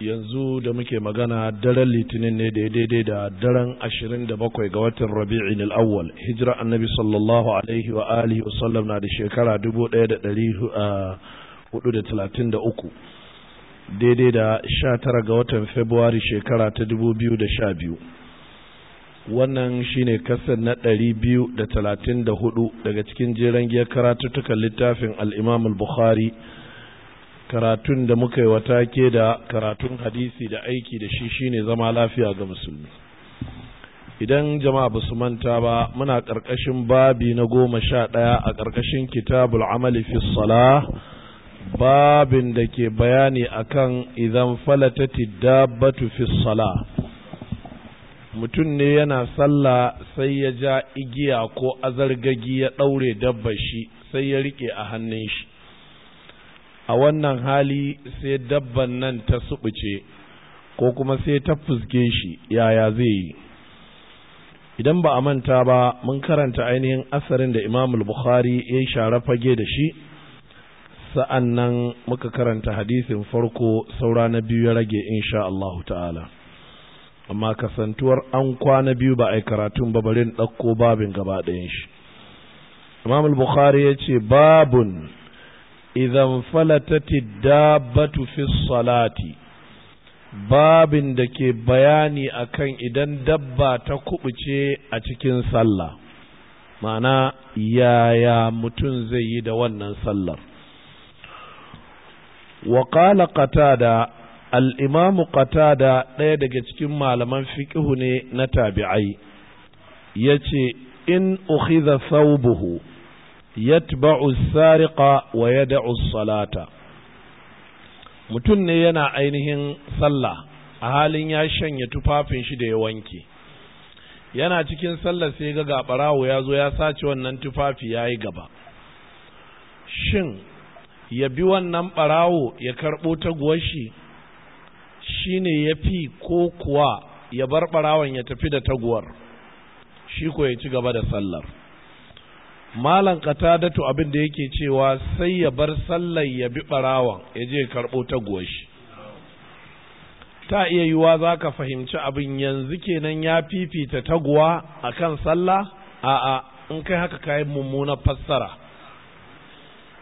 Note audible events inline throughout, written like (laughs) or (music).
yanzu da muke magana daren litinin ne da daidai da daren 27 ga watan na al'awwal hijira annabi sallallahu alaihi wa alihi wa sallam na da shekara 1433 daidai da 19 ga watan februari shekara ta 2012 wannan shine kasar na 234 daga cikin jeren giyar karatuttukan littafin al'imamul bukhari karatun da muka yi wata ke da karatun hadisi da aiki da shi shine zama lafiya ga musulmi idan jama'a ba su manta ba muna ƙarƙashin babi na goma sha ɗaya a ƙarƙashin kitabul amali fi salah babin da ke bayani a kan idan falatati dabbatu fi salah mutum ne yana sallah sai ya ja igiya ko azargagi ya ɗaure dabba shi sai ya riƙe a hannun shi a wannan hali sai dabban nan ta suɓuce ko kuma sai ta fuske shi yaya zai yi idan ba a manta ba mun karanta ainihin asarin da imam bukhari ya yi share fage da shi sa'an nan muka karanta hadisin farko saura na biyu ya rage insha Allah ta'ala amma kasantuwar an kwana biyu ba a yi karatun babarin ɗauko babin gaba ɗayan shi imam bukhari ya ce babun idan falatati dabbatu fi salati babin da ke bayani akan idan dabba ta kubuce a cikin sallah ma'ana yaya mutum zai yi da wannan sallar Wakala qala qatada al-imam qatada ɗaya daga cikin malaman fiqhu ne na tabi'ai yace in ukhidha saubuhu. yatba'u sariqa wa yad'u salata mutum ne yana ainihin sallah a halin ya shanya tufafin shi da ya wanke yana cikin sallah sai ga gabarawo ya zo ya sace wannan tufafi yayi gaba shin ya bi wannan barawo ya karbo taguwarshi shi shine yafi ko kuwa ya bar barawon ya tafi da taguwar shi ko ya ci gaba da sallar malan qatadatu abin da yake cewa sai ya bar sallar ya bi barawan ya je karbo ta shi. ta iya yiwa za ka fahimci abin yanzu kenan ya fifita taguwa a kan sallah a'a in kai haka kayan mummunar fassara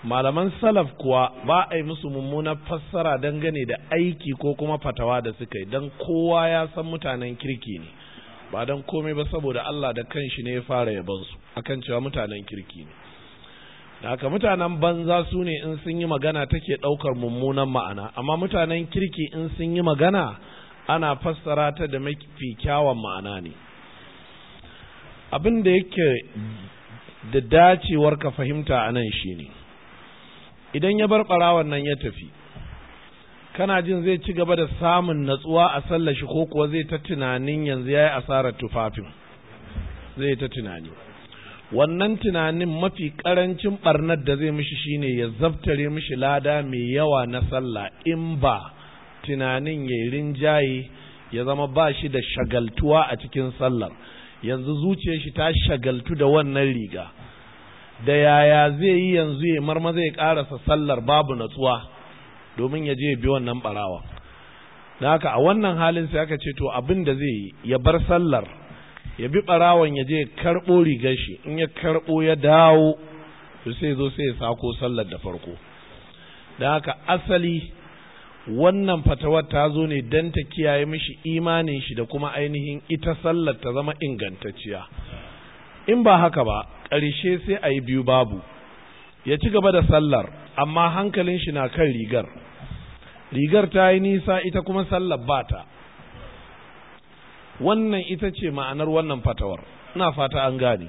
malaman salaf kuwa ba a yi musu mummunar fassara dangane da aiki ko kuma fatawa da suka yi don kowa ya san mutanen kirki ne ba don komai ba saboda Allah da kanshi ne ya fara yabansu akan cewa mutanen kirki ne da haka mutanen banza su ne in sun yi magana take ɗaukar mummunan ma'ana amma mutanen kirki in sun yi magana ana fassara ta da mafi kyawun ma'ana ne abin da yake da dacewar ka fahimta anan nan shine idan ya bar ɓarawon nan ya tafi kana jin zai ci gaba da samun natsuwa a sallar shi ko kuwa zai ta tunanin yanzu ya yi asarar tufafin zai ta tunani wannan tunanin mafi ƙarancin ɓarnar da zai mishi shine ya zabtare mishi lada mai yawa na sallah in ba tunanin ya rinjaye ya zama ba shi da shagaltuwa a cikin sallar yanzu zuciyarshi ta shagaltu da wannan riga da yaya zai yi yanzu ya marma zai karasa sallar babu natsuwa domin ya je ya bi wannan barawa da haka a wannan halin sai aka ce to abin da zai yi ya bar sallar ya bi barawan ya je ya karɓo rigar shi in ya karbo ya dawo to sai zo sai ya sako sallar da farko da haka asali wannan fatawar ta zo ne dan ta kiyaye mishi imanin shi da kuma ainihin ita sallar ta zama ingantacciya in ba haka ba ƙarshe sai a yi biyu babu ya ci gaba da sallar amma hankalin shi na kan rigar rigar ta yi nisa ita kuma sallar bata wannan ita ce ma'anar wannan fatawar ina fata an gane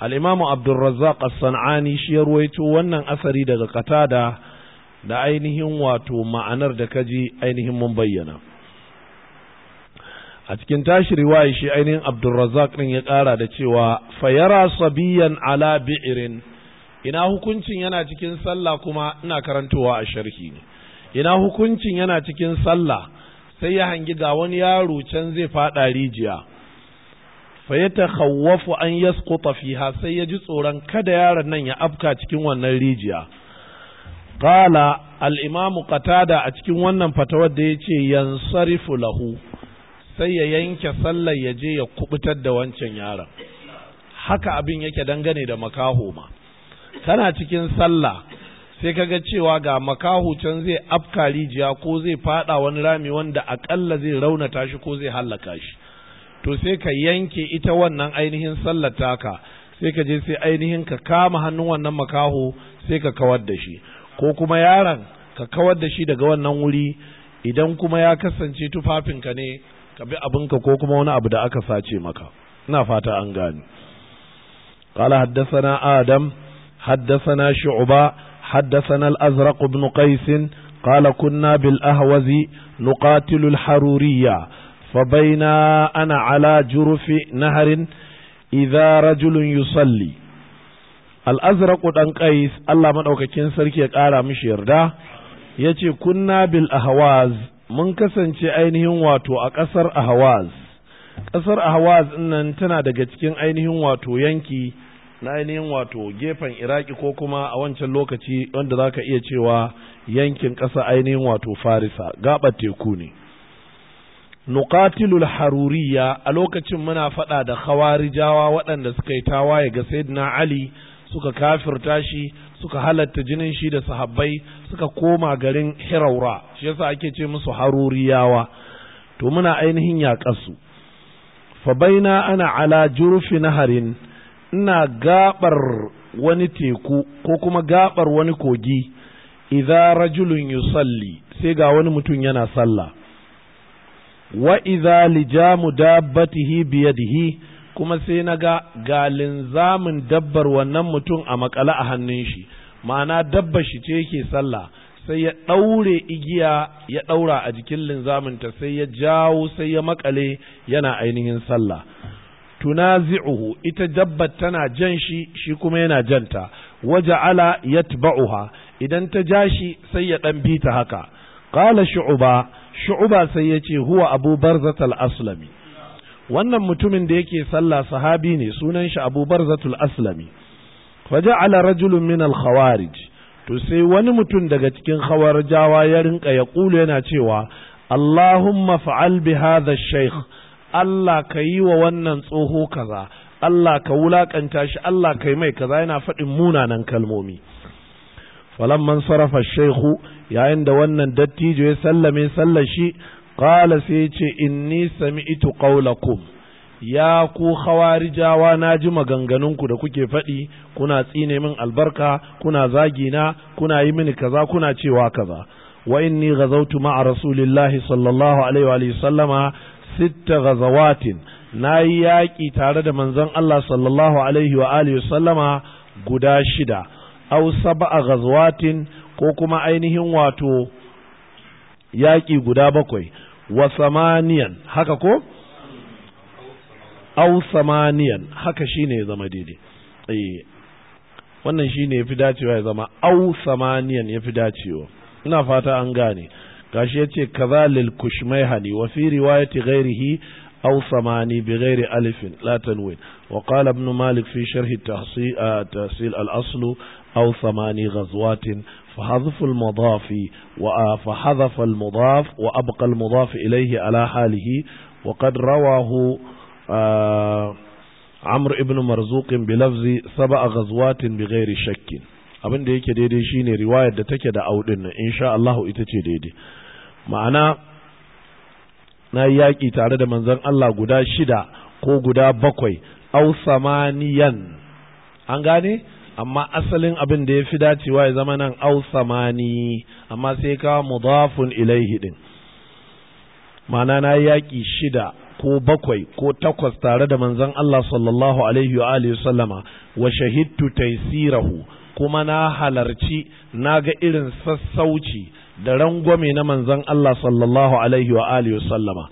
al'imamu abdulrazzaq as-san'ani shi ya ruwaito wannan asari daga katada da ainihin wato ma'anar da kaji ainihin mun bayyana a cikin tashi riwaya shi ainihin abdulrazzaq din ya ƙara da cewa fayara sabiyan ala bi'irin ina hukuncin yana cikin sallah kuma ina karantowa a sharhi ne ina hukuncin yana cikin sallah sai ya hangi ga wani yaro can zai faɗa rijiya fa ya takhawwafu an yasquta fiha sai ya ji tsoron kada yaron nan ya afka cikin wannan rijiya qala al-imamu qatada a cikin wannan fatawar da yace yansarifu lahu sai ya yanke sallar ya je ya kubutar da wancan yaron haka abin yake dangane da makahoma ma kana cikin sallah sai kaga cewa ga makahu can zai afka rijiya ko zai fada wani rami wanda akalla zai raunata shi ko zai hallaka shi to sai ka yanke ita wannan ainihin sallar taka sai ka je sai ainihin ka kama hannun wannan makaho sai ka kawar da shi ko kuma yaron ka kawar da shi daga wannan wuri idan kuma ya kasance tufafinka ne ka bi abinka ko kuma wani abu da aka sace maka ina fata an gane قال حدثنا آدم حدثنا شعبة حدثنا الأزرق بن قيس قال كنا بالأهوز نقاتل الحرورية فبينا أنا على جرف نهر إذا رجل يصلي الأزرق بن قيس الله من أوكا أوكاكين سركي يقال مشير دا يتي كنا بالأهواز من كسنش أينهم واتو أكسر أهواز ƙasar ahwaz nan tana daga cikin ainihin wato ينكي na ainihin wato gefen iraki ko kuma a wancan lokaci wanda za ka iya cewa yankin ƙasa ainihin wato farisa gaɓar teku ne nukatilul haruriya a lokacin muna faɗa da jawa waɗanda suka yi tawaye ga na ali suka kafirta shi suka halatta jinin shi da sahabbai suka koma garin hiraura shi yasa ake ce musu haruriyawa to muna ainihin yaƙarsu fa baina ana ala jurfi naharin ina gabar wani teku ko kuma gabar wani kogi idza rajulun yusalli sai ga wani mutum yana sallah wa idza lijamu dabbatihi biyadihi kuma sai na ga galin zamin dabbar wannan mutum a makala a hannun shi ma'ana dabbar shi ce yake sallah sai ya ɗaure igiya ya ɗaura a jikin linzaminta sai ya jawo sai ya makale yana ainihin sallah tunazi'uhu ita dabbar tana jan shi shi kuma yana janta ala yatba'uha idan ta ja shi sai ya ɗan bita haka Ƙala shu'uba shu'uba sai yace huwa abu barzatal aslami wannan mutumin da yake sallah sahabi ne sunan shi abu barzatul aslami faja'ala rajulun min al khawarij to sai wani mutum daga cikin khawarijawa ya rinka ya kulu yana cewa Allahumma fa'al bi hadha shaykh Allah ka yi wa wannan tsoho kaza Allah ka wulakanta shi Allah ka yi mai kaza yana faɗin munanan kalmomi man sarrafa shehu yayin da wannan dattijo ya sallame sallashi qala sai ce inni sami'tu qaulakum ya ku rijawa na ji maganganunku da kuke faɗi kuna tsine min albarka kuna zagina kuna yi mini kaza kuna cewa kaza wa inni ghazawtu ma'a rasulillahi sallallahu alaihi wa sallama sitta ghazawatin na yi yaƙi tare da manzon Allah sallallahu alaihi wa alihi sallama guda shida aw sab'a ghazwatin ko kuma ainihin wato yaƙi guda bakwai wa samaniyan haka ko aw samaniyan haka shine ya zama daidai eh wannan shine fi dacewa ya zama aw samaniyan ya fi dacewa ina fata an gane gashi yace kaza lil kushmayhani wa fi riwayati ghairihi aw samani bi ghairi alifin la tanwin wa qala ibn malik fi sharh tahsil al asl aw samani ghazwatin فحذف المضاف فحذف المضاف وأبقى المضاف إليه على حاله وقد رواه عمرو ابن مرزوق بلفظ سبع غزوات بغير شك abin da yake daidai shine riwayar da take da audin nan insha Allah ita ce daidai ma'ana na yi tare da manzon Allah guda shida ko guda bakwai au samaniyan an gane amma asalin abin da ya fi dacewa ya zama nan au samani amma sai ka mudafun ilaihi din ma'ana na yaki shida ko bakwai ko takwas tare da manzon Allah sallallahu alaihi wa alihi sallama wa shahidtu taysirahu kuma na halarci na ga irin sassauci da rangwame na manzon Allah sallallahu alaihi wa alihi sallama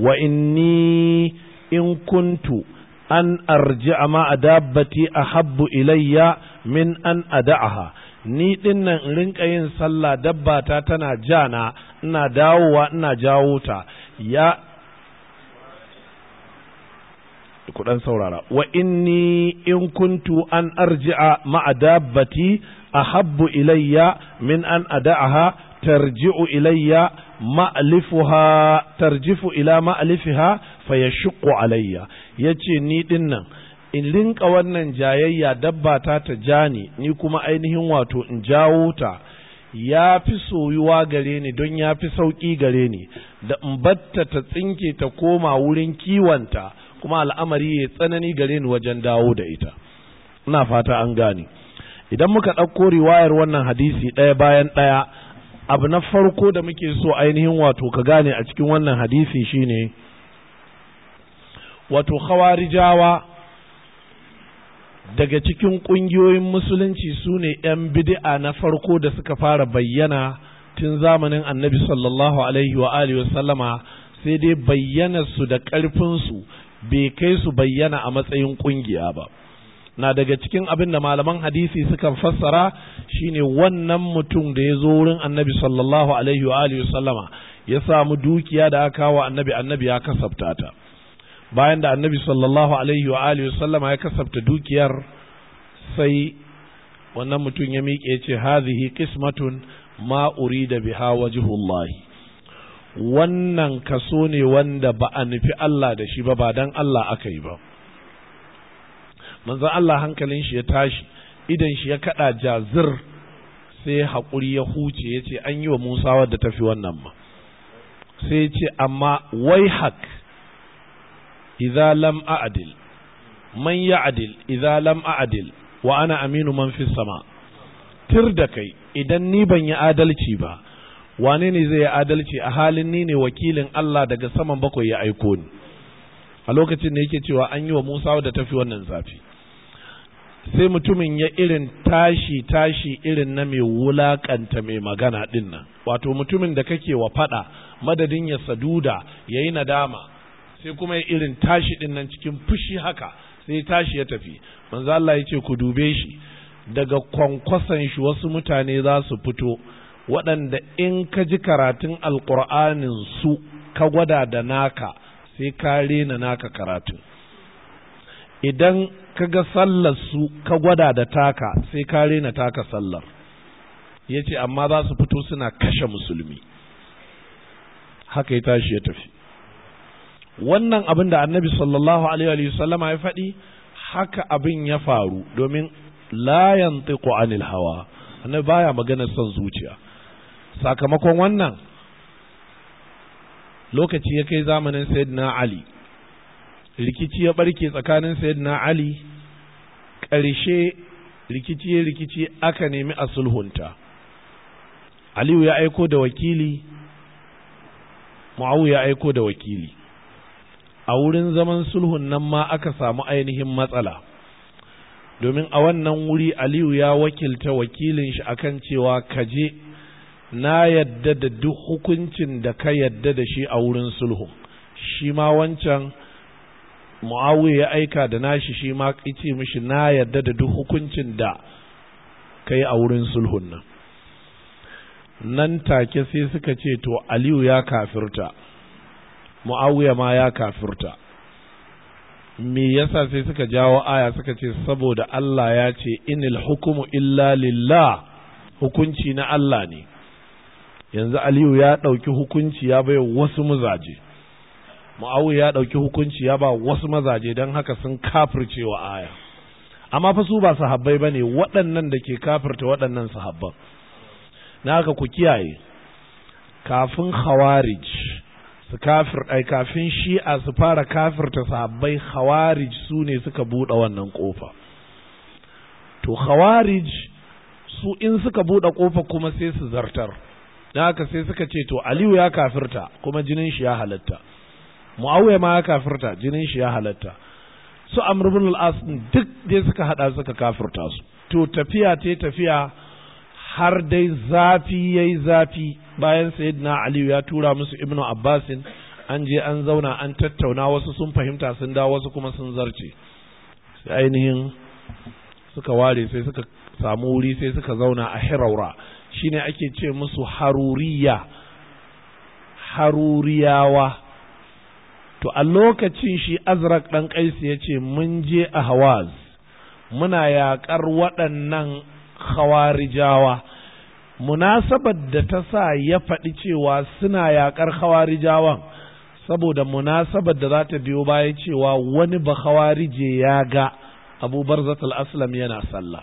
wa inni in kuntu an arji ma adabbati ahabbu ilayya min an ada'aha ni nan in rinka yin sallah dabbata tana jana ina dawowa ina jawo ta ya ku dan saurara wa inni in kuntu an arji'a ma'a dabbati ahabbu ilayya min an ada'aha tarji'u ilayya ma'lifuha tarjifu ila ma'lifiha fayashqu alayya yace ni dinnan in linka wannan jayayya dabba ta ta jani ni kuma ainihin wato in jawo ta ya fi soyuwa gare ni don ya fi sauƙi gare ni da in batta ta tsinke ta koma wurin kiwonta kuma al'amari ya tsanani gare ni wajen dawo da ita ina fata an gane idan muka ɗauko riwayar wannan hadisi ɗaya bayan ɗaya abu na farko da muke so ainihin wato ka gane a cikin wannan hadisi shine wato khawarijawa daga cikin ƙungiyoyin musulunci sune ne 'yan bid'a na farko da suka fara bayyana tun zamanin annabi sallallahu alaihi wa alihi sai dai bayyana su da ƙarfinsu bai kai su bayyana a matsayin ƙungiya ba na daga cikin abin da malaman hadisi sukan fassara shine wannan mutum da ya zo wurin annabi sallallahu alaihi wa alihi sallama ya samu dukiya da aka wa annabi annabi ya kasabta ta bayan da annabi sallallahu alaihi wa alihi sallama ya kasabta dukiyar sai wannan mutum ya miƙe ce hazihi qismatun ma urida biha wajhullahi wannan kaso ne wanda ba a nufi Allah da shi ba ba don Allah aka yi ba manzon Allah hankalin shi ya tashi idan shi ya kada jazir sai haƙuri ya huce ya ce an yi wa Musa wadda fi wannan ba. sai ya ce amma wai hak idza lam a'dil man ya'dil idza lam a'dil wa ana aminu man fi sama tir da kai idan ni ban yi adalci ba wane ne zai yi adalci a halin ni ne wakilin Allah daga saman bakwai ya aiko ni a lokacin da yake cewa an yi wa Musa da tafi wannan zafi sai mutumin ya irin tashi tashi irin na mai wulakanta mai magana din nan wato mutumin da kake wa fada madadin ya saduda ya yi nadama sai kuma ya irin tashi din nan cikin fushi haka sai tashi ya tafi manzo Allah ya ce ku dube shi daga kwankwason shi wasu mutane za su fito waɗanda in ka ji karatun alƙur'anin su ka gwada da naka sai ka rena naka karatun idan ka ga sallar su ka gwada da taka sai ka rena taka sallar ya ce amma za su fito suna kashe musulmi haka ya tashi ya tafi wannan abin da annabi sallallahu alaihi wasallama ya faɗi haka abin ya faru domin layan tiku anil hawa annabi baya magana son zuciya sakamakon wannan lokaci ya kai zamanin sayyidina ali rikici ya barke tsakanin sayyidina ali ƙarshe rikici rikici aka nemi a sulhunta aliyu ya aiko da wakili mu'awu ya aiko da wakili a wurin zaman sulhun nan ma aka samu ainihin matsala domin a wannan wuri aliyu ya wakilta wakilin shi akan cewa kaje na yadda da duk hukuncin da ka yadda da shi a wurin sulhu shi ma wancan mu'awiya ya aika da nashi shi ma ice mishi na yadda da duk hukuncin da ka yi a wurin sulhun nan nan take sai suka ce to aliyu ya kafirta mu'awiya ma ya kafirta me yasa sai suka jawo aya suka ce saboda Allah ya ce inil hukumu illa lillah hukunci na Allah ne yanzu aliyu ya ɗauki hukunci ya bai wasu mazaje ma'awu ya ɗauki hukunci ya ba wasu mazaje don haka sun kafircewa aya amma fa su ba sahabbai ba ne waɗannan da ke kafirta waɗannan su habban. na haka ku kiyaye kafin Hawarij su kafir ai kafin shi'a su fara kafirta habbai Hawarij su ne suka buɗe wannan ƙofa to khawarij su in suka buɗe ƙofa kuma sai su zartar da haka sai suka ce to aliyu ya kafirta kuma jinin shi ya halatta muawiya ma ya kafirta jinin shi ya halatta su amr ibn al-as duk dai suka hada suka kafirta su to tafiya ta tafiya har dai zafi yayi zafi bayan sayyidina aliyu ya tura musu ibnu abbasin an je an zauna an tattauna wasu sun fahimta sun dawo wasu kuma sun zarce sai ainihin suka ware sai suka samu wuri sai suka zauna a hiraura shine ake ce musu haruriya haruriyawa to a lokacin shi azrak ɗan ƙaisi ya ce mun je a hawaz muna yaƙar waɗannan hawarijawa munasabar da ta sa ya faɗi cewa suna yaƙar hawarijawan saboda munasabar da za ta biyo baya cewa wani ba hawarije ya ga abu zatul aslam yana sallah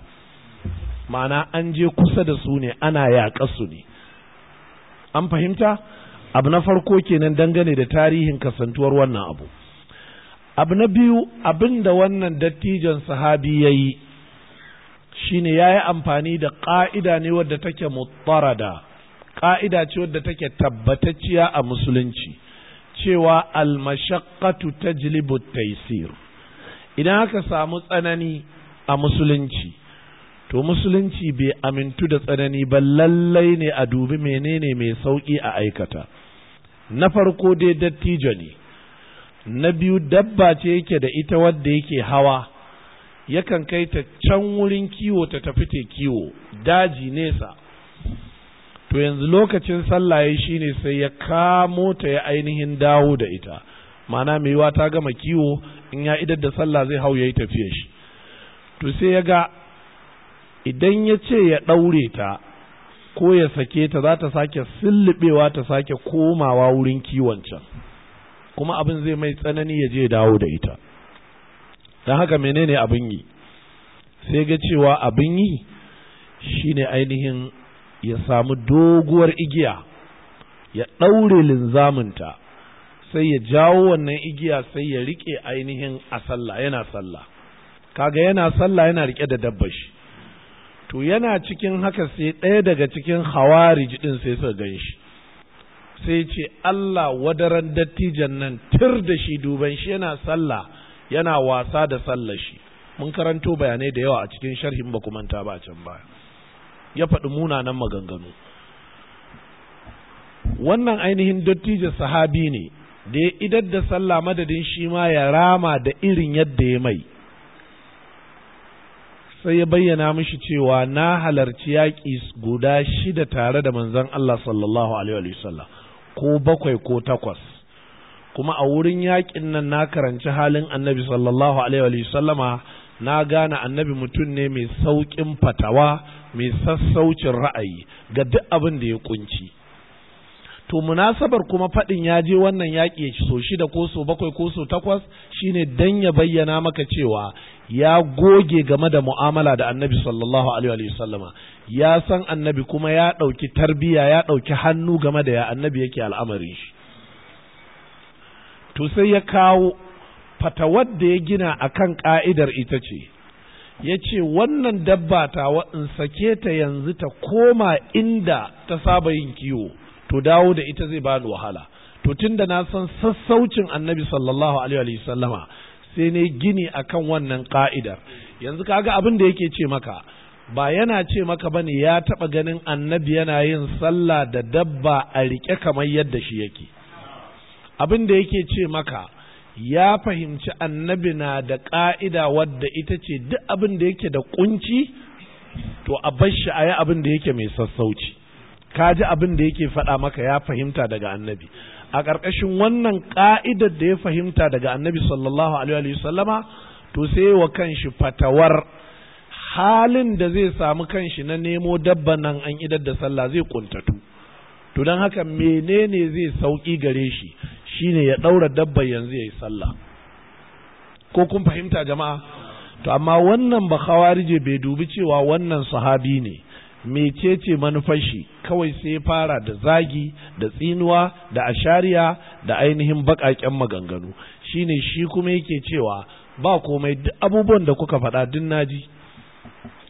ma'ana an je kusa da su ne ana yaƙa su ne an fahimta abu na farko kenan dangane da tarihin kasantuwar wannan abu abu na biyu abin da wannan dattijan sahabi ya yi shine ya yi amfani da ƙa'ida ne wadda take mutarada ƙa'ida ce wadda take tabbatacciya a musulunci cewa almashakatu ta jilibu taisir idan aka samu tsanani a musulunci to musulunci bai amintu da tsanani ba lallai ne a dubi menene mai sauƙi a aikata na farko dai dattijo ne na biyu dabba ce yake da ita wadda yake hawa yakan kai ta can wurin kiwo ta tafi ta kiwo daji nesa to yanzu lokacin sallah shi ne sai ya kamo ta ya ainihin dawo da ita mana mai yiwa ta gama kiwo in ya idar da sallah zai hau ya yi tafiya shi to sai ya ga idan ya ce ya ɗaure ta ko ya sake ta za ta sake sillibewa ta sake komawa wurin kiwon can kuma abin zai mai tsanani ya je dawo da ita don haka menene abin yi sai ga cewa abin yi shine ainihin ya samu doguwar igiya ya ɗaure linzaminta sai ya jawo wannan igiya sai ya riƙe ainihin a sallah yana sallah kaga yana sallah yana riƙe da dabbashi to yana cikin haka sai ɗaya daga cikin hawari ɗin sai suka gan shi sai ce Allah wadaran dattijan nan tur da shi duban shi yana sallah yana wasa da sallah shi mun karanto bayanai da yawa a cikin sharhin ba manta ba can baya ya faɗi munanan maganganu wannan ainihin dattijo sahabi ne da ya idar da sallah madadin shi ma ya rama da irin yadda ya mai sai ya bayyana mishi cewa na halarci yaƙi guda shida tare da manzon Allah sallallahu alaihi wasallam ko bakwai ko takwas kuma a wurin yaƙin nan na karanci halin annabi sallallahu alaihi wasallama na gane annabi mutum ne mai sauƙin fatawa mai sassaucin ra'ayi ga duk abin da ya kunci to munasabar kuma faɗin ya je wannan yaƙi ya so shida ko so bakwai ko so takwas shine dan ya bayyana maka cewa ya goge game da mu'amala da annabi sallallahu alaihi wa sallama ya san annabi kuma ya ɗauki tarbiya ya ɗauki hannu game da ya annabi yake al'amarin shi to sai ya kawo fatawar da ya gina akan ka'idar ita ce ya ce wannan dabba ta in sake ta yanzu ta koma inda ta saba yin kiwo to dawo da ita zai bani wahala to tunda na san sassaucin annabi sallallahu alaihi wa sallama sai ne gini akan wannan ka'idar yanzu kaga abin da yake ce maka ba yana ce maka bane ya taba ganin annabi yana yin sallah da dabba a rike kamar yadda shi yake abin da yake ce maka ya fahimci annabi na da ka'ida wadda ita ce duk abin da yake da kunci to a bar shi a yi abin da yake mai sassauci ka ji abin da yake faɗa maka ya fahimta daga annabi a ƙarƙashin wannan ƙa'idar da ya fahimta daga annabi sallallahu alaihi wasallama to sai wa kanshi fatawar halin da zai samu kanshi na nemo dabba nan an idar da sallah zai kuntatu to don haka menene zai sauƙi gare shi shine ya ɗaura dabba yanzu ya yi sallah ko kun fahimta jama'a to amma wannan ba bai dubi cewa wannan sahabi ne mecece manufar kawai sai fara da zagi da tsinuwa da ashariya da ainihin baƙaƙen maganganu shine shi kuma yake cewa ba komai duk abubuwan da kuka faɗa duk naji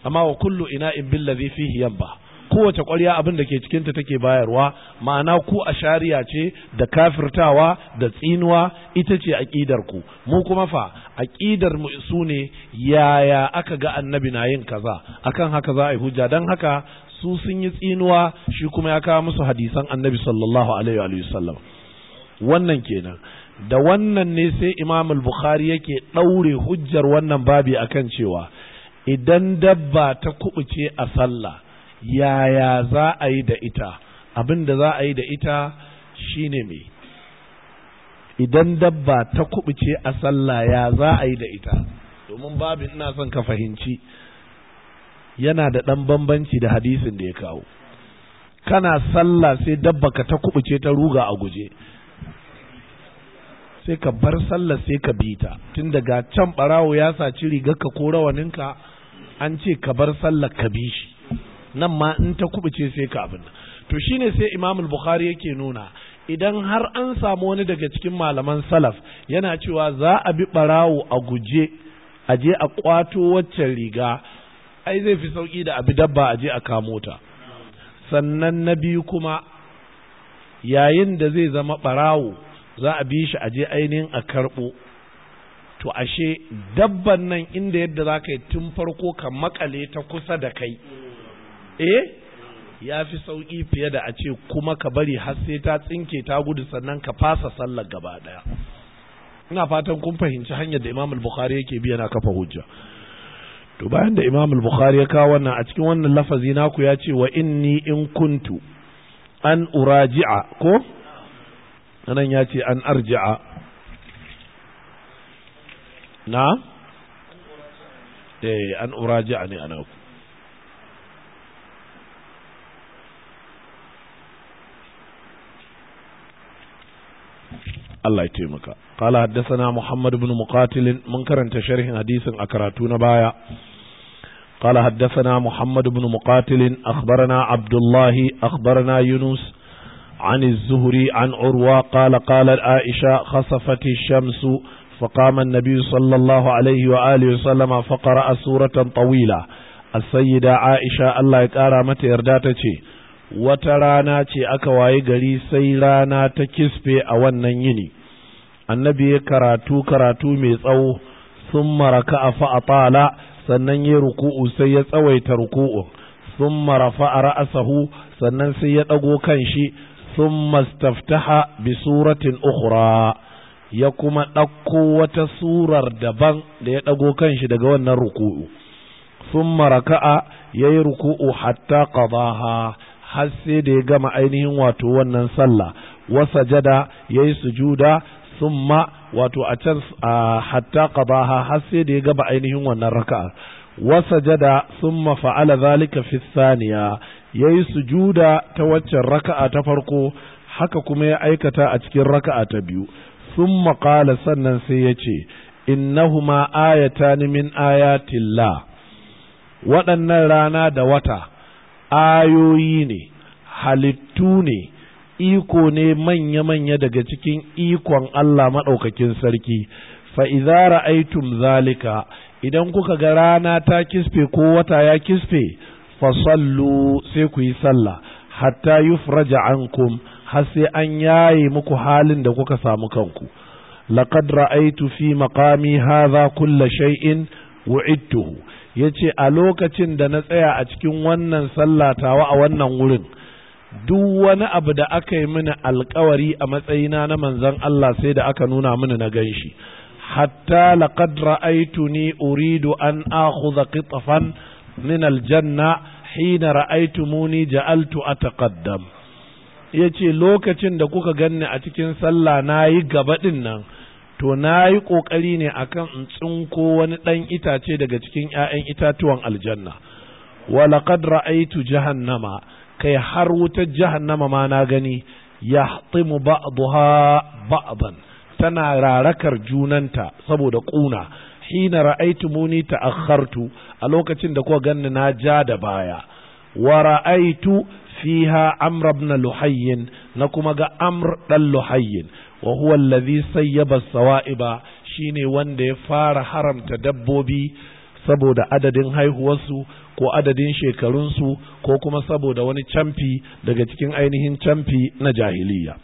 amma wa kullu ina in billazi fihi yamba kowace ƙwarya abin da ke cikinta take bayarwa ma'ana ku a shari'a ce da kafirtawa da tsinuwa ita ce aƙidar ku mu kuma fa aƙidar mu su ne yaya aka ga annabi na yin kaza akan haka za a yi hujja don haka su sun yi tsinuwa shi kuma ya kawo musu hadisan annabi sallallahu alaihi wa sallam wannan kenan da wannan ne sai imam bukhari yake ɗaure hujjar wannan babi akan cewa idan dabba ta kubuce a sallah yaya za a yi da ita abin da za a yi da ita shine me idan dabba ta kubuce a sallah ya za a yi da ita domin babu ina son ka fahimci yana da ɗan bambanci da hadisin da ya kawo kana sallah sai dabba ka ta kubuce ta ruga a guje sai ka bar sallah sai ka bi ta tun daga can barawo ya saci rigarka ko rawaninka an ce ka bar sallah ka bi shi nan ma in ta kubuce sai ka abin to shine sai imamul bukhari yake nuna idan har an samu wani daga cikin malaman salaf yana cewa za a bi barawo a guje a je a kwato waccan riga ai zai fi sauki da abi dabba a je a kamo ta sannan na biyu kuma yayin da zai zama barawo za a bi shi a je ainihin a karɓo to ashe dabban nan inda yadda za ka yi tun farko ka makale ta kusa da kai eh ya fi sauƙi fiye da a ce kuma ka bari har sai ta tsinke ta gudu sannan ka fasa sallar gaba ɗaya ina fatan kun fahimci hanyar da imam bukhari yake biya na kafa hujja to bayan da imam al-bukhari ya kawo wannan a cikin wannan lafazi naku ya ce wa inni in kuntu an uraji'a ko nan ya ce an arji'a na eh an uraji'a ne anaku Allah ya taimaka qala haddathana muhammad ibn muqatil mun karanta sharhin hadisin a karatu na baya قال حدثنا محمد بن مقاتل أخبرنا عبد الله أخبرنا يونس عن الزهري عن عروة قال قال عائشة خصفت الشمس فقام النبي صلى الله عليه وآله وسلم فقرأ سورة طويلة السيدة عائشة الله يكارى متى إرداتك wata rana ce aka wayi gari sai rana ta kisfe a wannan yini annabi ya karatu karatu mai tsawo sun maraka a fa'atala sannan ya ruku'u sai ya tsawaita ruku'u sun marafa a ra'asahu sannan sai ya ɗago kan shi sun mastaftaha bi suratin ukhra ya kuma ɗakko wata surar daban da ya ɗago kan shi daga wannan ruku'u sun maraka'a ya yi ruku'u hatta ƙabaha har sai da ya gama ainihin wato wannan sallah wasa jada ya yi sujuda summa wato a can hatta qabaha har sai da ya gama ainihin wannan raka'a wasa jada summa fa'ala zalika fi saniya ya yi sujuda ta waccan raka'a ta farko haka kuma ya aikata a cikin raka'a ta biyu summa qala sannan sai ya ce innahuma ayatani min ayatillah waɗannan rana da wata ayoyi ne halittu ne iko ne manya-manya daga cikin ikon Allah maɗaukakin sarki fa'iza ra'aitum zalika idan kuka ga rana ta kisfe ko wata ya kisfe fasallu sai ku yi sallah hatta yufraja ankum har sai an yaye muku halin da kuka samu kanku laqad ra'aytu fi maqami hadha kulla shay'in wa'idtuhu ya ce a lokacin da na tsaya a cikin wannan sallatawa a wannan wurin duk wani abu da aka yi mini alkawari a matsayina na manzan Allah sai da aka nuna mini na gan shi hatta laqad ra'aytuni uridu an akhudha qitfan min aljanna hina ra'aytumuni ja'altu ataqaddam yace lokacin da kuka ganni a cikin sallah nayi gaba din nan to na yi ƙoƙari ne akan in tsinko wani ɗan itace daga cikin ‘ya'yan itatuwan aljanna walaƙad ra'aitu jahannama kai har wutar jahannama ma na gani ya tsimu ba'dan tana rarakar junanta saboda ƙuna hina ra'aitu muni ta'akhartu a lokacin da kuka ganni na ja da baya wa ra'aitu fiha amr ibn luhayyin na kuma ga amr dan luhayyin wa huwa allazi sayyaba sawa'iba shine wanda ya fara haramta dabbobi saboda adadin haihuwarsu ko adadin shekarunsu ko kuma saboda wani camfi daga cikin ainihin camfi na jahiliya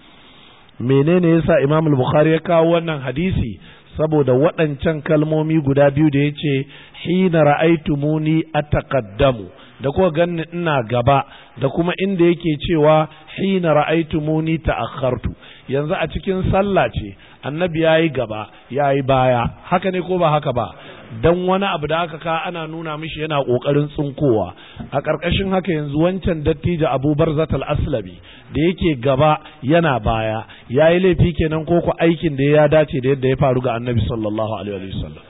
menene yasa Imam al-Bukhari ya kawo wannan hadisi saboda waɗancan kalmomi guda biyu da yace hina ra'aytumuni ataqaddamu da kuka ganni ina gaba da kuma inda yake cewa hina ra'aytumuni ta'akhartu yanzu a cikin sallah ce annabi ya yi gaba ya yi baya haka ne ko ba haka ba don wani abu da aka ka ana nuna mishi yana ƙoƙarin tsinkowa a ƙarƙashin haka yanzu wancan dattijo abubar zatal aslabi da yake gaba yana baya ya yi laifi kenan ko ku aikin da ya dace da yadda ya faru ga annabi sallallahu alaihi wasallam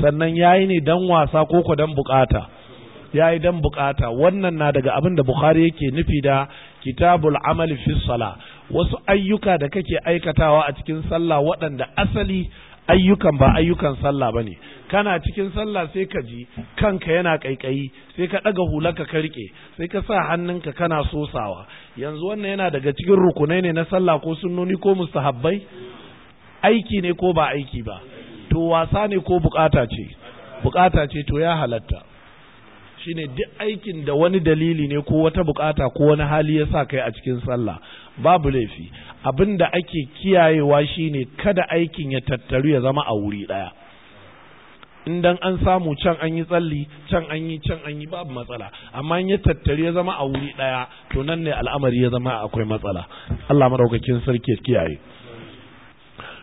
sannan ya yi ne don wasa ko ku don bukata ya yi don bukata wannan na daga abin da bukhari yake nufi da kitabul amali fi sala wasu ayyuka da kake aikatawa a cikin sallah waɗanda asali ayyukan ba ayyukan sallah ba ne kana cikin sallah sai ka ji kanka yana ƙaiƙayi sai ka ɗaga hularka ka riƙe sai ka sa hannunka kana sosawa yanzu wannan yana daga cikin rukunai ne na sallah ko sunnoni ko mustahabbai aiki ne ko ba aiki ba to wasa ne ko bukata ce bukata ce to ya halatta shine duk aikin da wani dalili ne ko wata bukata ko wani hali ya sa kai a cikin sallah babu laifi abinda ake kiyayewa shine kada aikin ya tattaru ya zama a wuri ɗaya an samu can an yi tsalli can an yi can an yi babu matsala amma in ya tattari ya zama a wuri ɗaya to nan ne al'amari ya zama akwai matsala Allah madaukakin sarki kiyaye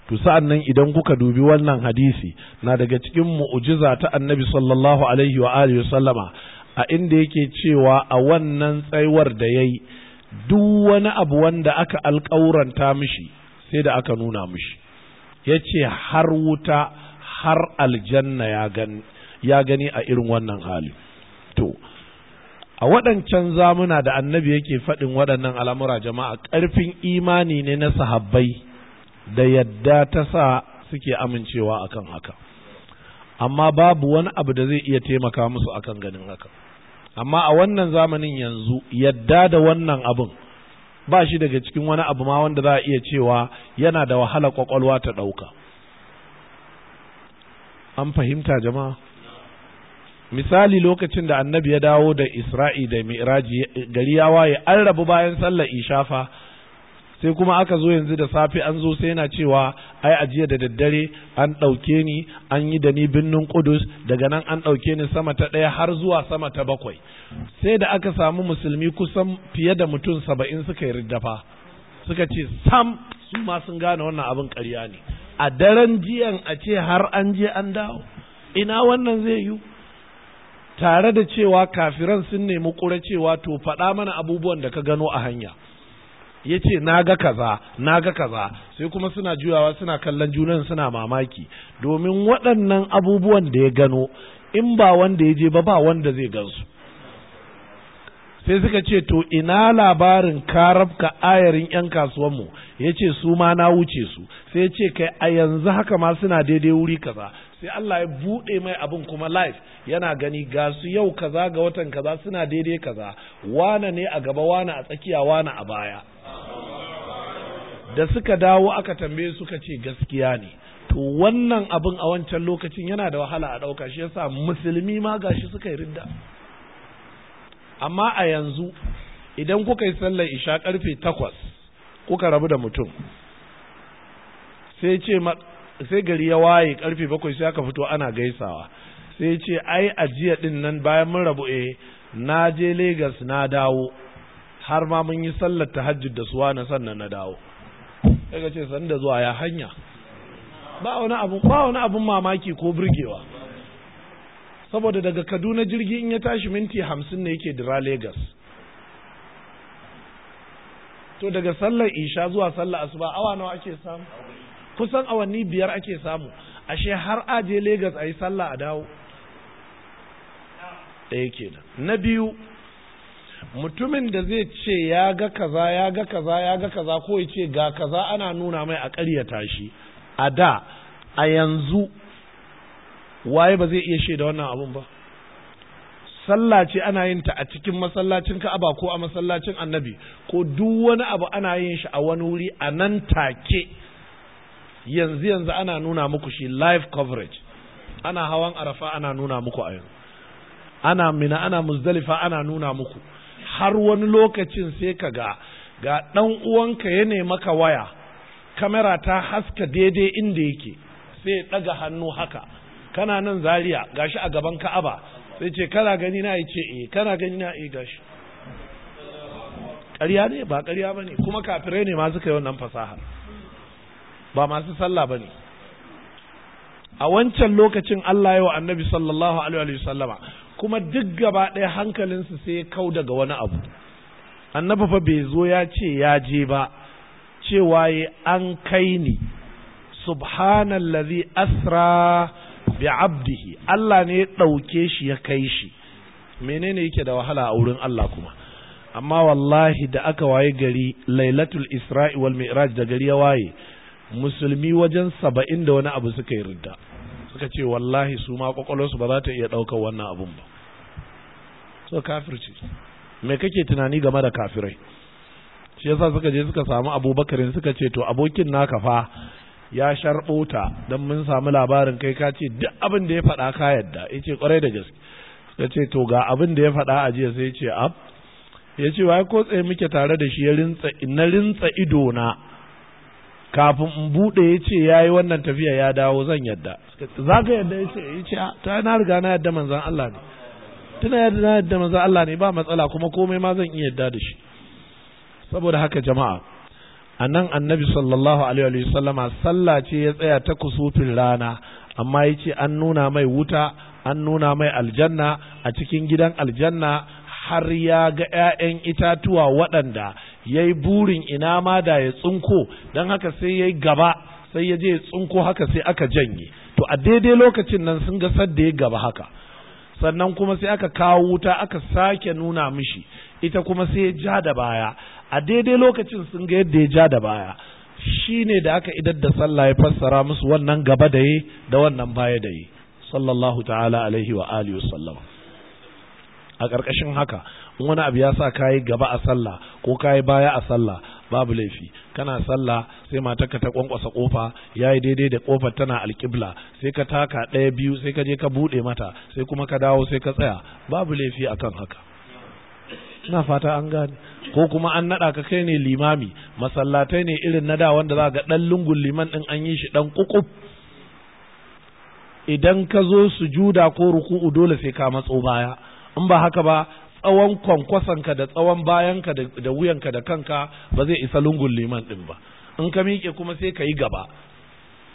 to sa'an idan kuka dubi wannan hadisi na daga cikin mu'jiza ta annabi sallallahu alaihi wa alihi sallama a inda yake cewa a wannan tsaiwar da yayi duk wani abu wanda aka alƙauranta mishi sai da aka nuna mishi yace har wuta har aljanna ya gani a irin wannan hali to a waɗancan zamuna da annabi yake faɗin waɗannan al'amura jama'a ƙarfin imani ne na sahabbai da yadda ta sa suke amincewa akan haka amma babu wani abu da zai iya taimaka musu akan ganin haka amma a wannan zamanin yanzu yadda da wannan abin ba shi daga cikin wani abu ma wanda za a iya cewa yana da wahala kwakwalwa ta ɗauka an fahimta jama'a misali lokacin da annabi ya dawo da isra'i da mi'raji gari ya waye an rabu bayan sallar ishafa sai kuma aka zo yanzu da safe an zo sai yana cewa ai ajiya da daddare an ɗauke ni an yi da ni binnin kudus daga nan an ɗauke ni sama ta ɗaya har zuwa sama ta bakwai sai da aka samu musulmi kusan fiye da mutum saba'in suka yi riddafa suka ce sam su ma sun gane wannan abin ƙarya ne a daren jiyan a ce har an je an dawo ina wannan zai yiwu tare da cewa kafiran sun nemi kura cewa to faɗa mana abubuwan da ka gano a hanya ya ce na ga kaza na ga kaza sai kuma suna juyawa suna kallon junan suna mamaki domin waɗannan abubuwan da ya gano in ba wanda ya je ba ba wanda zai gansu sai suka ce to ina labarin karabka ayarin 'yan kasuwanmu ya ce su ma na wuce su sai ya ce kai a yanzu haka ma suna daidai wuri kaza sai Allah ya buɗe mai abin kuma life yana gani ga su yau kaza ga watan kaza suna daidai kaza wane ne a gaba wane a tsakiya wane a baya da suka dawo aka tambaye suka ce gaskiya ne to wannan abin a wancan lokacin yana da wahala a ɗauka shi yasa musulmi ma gashi suka yi ridda amma a yanzu idan kuka yi sallar isha karfe takwas kuka rabu da mutum sai ce sai gari ya waye karfe bakwai sai aka fito ana gaisawa sai ce ai ajiya din nan bayan mun rabu eh na je Legas na dawo har ma mun yi sallar tahajjud da suwa na sannan na dawo sai ka ce san da zuwa ya hanya ba wani abu ba wani abun mamaki ko burgewa saboda daga Kaduna jirgi in ya tashi minti hamsin ne yake dira Lagos to daga sallar isha zuwa sallar asuba awa nawa ake samu kusan awanni biyar ake samu ashe har aje Lagos a yi sallah a dawo ɗaya kenan na biyu mutumin da zai ce ya ga kaza ya ga kaza ya ga kaza ko ya ce ga kaza ana nuna mai a ƙaryata shi a da a yanzu waye ba zai iya shaida wannan abun ba sallah ce ana yin ta a cikin masallacin Ka'aba ko a masallacin Annabi ko duk wani abu ana yin shi a wani wuri a nan take yanzu yanzu ana nuna muku shi live coverage ana hawan Arafa ana nuna muku a yanzu ana Mina ana Muzdalifa ana nuna muku har wani lokacin sai ka ga ga ɗan uwanka ya nema ka waya kamera ta haska daidai inda yake sai ya ɗaga hannu haka kana nan zaria gashi a gaban ka'aba sai ce kana gani na ce eh kana gani na eh gashi ƙarya ne ba ƙarya ba ne kuma kafirai ne ma suka yi wannan fasaha ba masu sallah ba ne a wancan lokacin Allah ya wa annabi sallallahu alaihi wa sallama kuma duk gaba ɗaya hankalinsu sai ya kau daga wani abu annabi fa bai zo ya ce ya je ba cewa ya an kai ni subhanallazi asra bi abdihi Allah ne ya ɗauke shi ya kai shi menene yake da wahala a wurin Allah kuma amma wallahi da aka waye gari lailatul isra'i wal mi'raj da gari ya waye musulmi wajen saba'in da wani abu suka yi ridda suka ce wallahi su ma kwakwalwarsu ba za ta iya ɗaukar wannan abun ba so kafirci me kake tunani game da kafirai shi yasa suka je suka samu abubakarin suka ce to abokin naka fa ya sharɓota don mun samu labarin kai ka ce duk abin da ya faɗa ka yadda ya ce ƙwarai da gaske Suka ce to ga abin da ya faɗa a jiya sai ya ce ab ya ce wai ko tsaye muke tare da shi ya rinsa na rinsa ido na kafin in buɗe ya ce ya yi wannan tafiya ya dawo zan yadda za ka yadda ya ce ya ce ta na riga na yadda manzan Allah ne tuna yadda na yadda manzan Allah ne ba matsala kuma komai ma zan iya yadda da shi saboda haka jama'a a nan annabi sallallahu alaihi wa sallama sallah ce ya tsaya ta kusufin rana amma ya ce an nuna mai wuta an nuna mai aljanna a cikin gidan aljanna har ya ga 'ya'yan itatuwa waɗanda ya yi burin ina ma da ya tsinko don haka sai ya yi gaba sai ya je ya tsinko haka sai aka janye to a daidai lokacin nan sun ga sadda ya gaba haka sannan kuma sai aka kawo wuta aka sake nuna mishi ita kuma sai ya ja da baya a daidai lokacin sun ga yadda ya ja da baya shi ne da aka idar da sallah ya fassara musu wannan gaba da yi da wannan baya da yi sallallahu ta'ala alaihi wa alihi wa sallama a ƙarƙashin haka in wani abu ya sa ka yi gaba a sallah ko ka yi baya a sallah babu laifi kana sallah sai matarka ta kwankwasa kofa yi daidai da kofar tana alkibla sai ka taka ɗaya biyu sai ka je ka buɗe mata sai kuma ka dawo sai ka tsaya babu laifi akan haka ina fata an gane ko kuma an naɗa ka kai ne limami masallatai ne irin na da wanda za ga ɗan lungun liman ɗin an yi shi ɗan kukuf idan ka zo su juda ko ruku'u dole sai ka matso baya in ba haka ba tsawon kwankwasonka da tsawon bayanka da wuyanka da kanka ba zai isa lungun liman ɗin ba in ka miƙe kuma sai ka yi gaba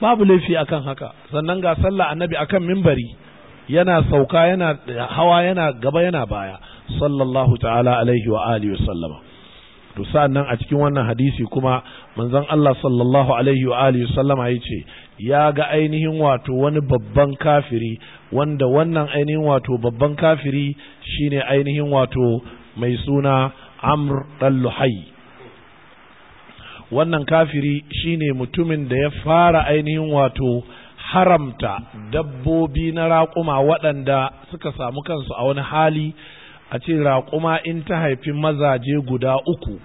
babu laifi akan haka sannan ga sallah annabi akan mimbari yana sauka yana hawa yana gaba yana baya sallallahu ta'ala alaihi wa alihi wa sallama to sannan a cikin wannan hadisi kuma manzon Allah sallallahu alaihi wa alihi wa sallama yace ya ga ainihin wato wani babban kafiri wanda wannan ainihin wato babban kafiri shine ainihin wato mai suna amr ɗan luhai wannan kafiri shine mutumin da ya fara ainihin wato haramta dabbobi na raƙuma waɗanda suka samu kansu a wani hali a ce raƙuma in ta haifi mazaje guda uku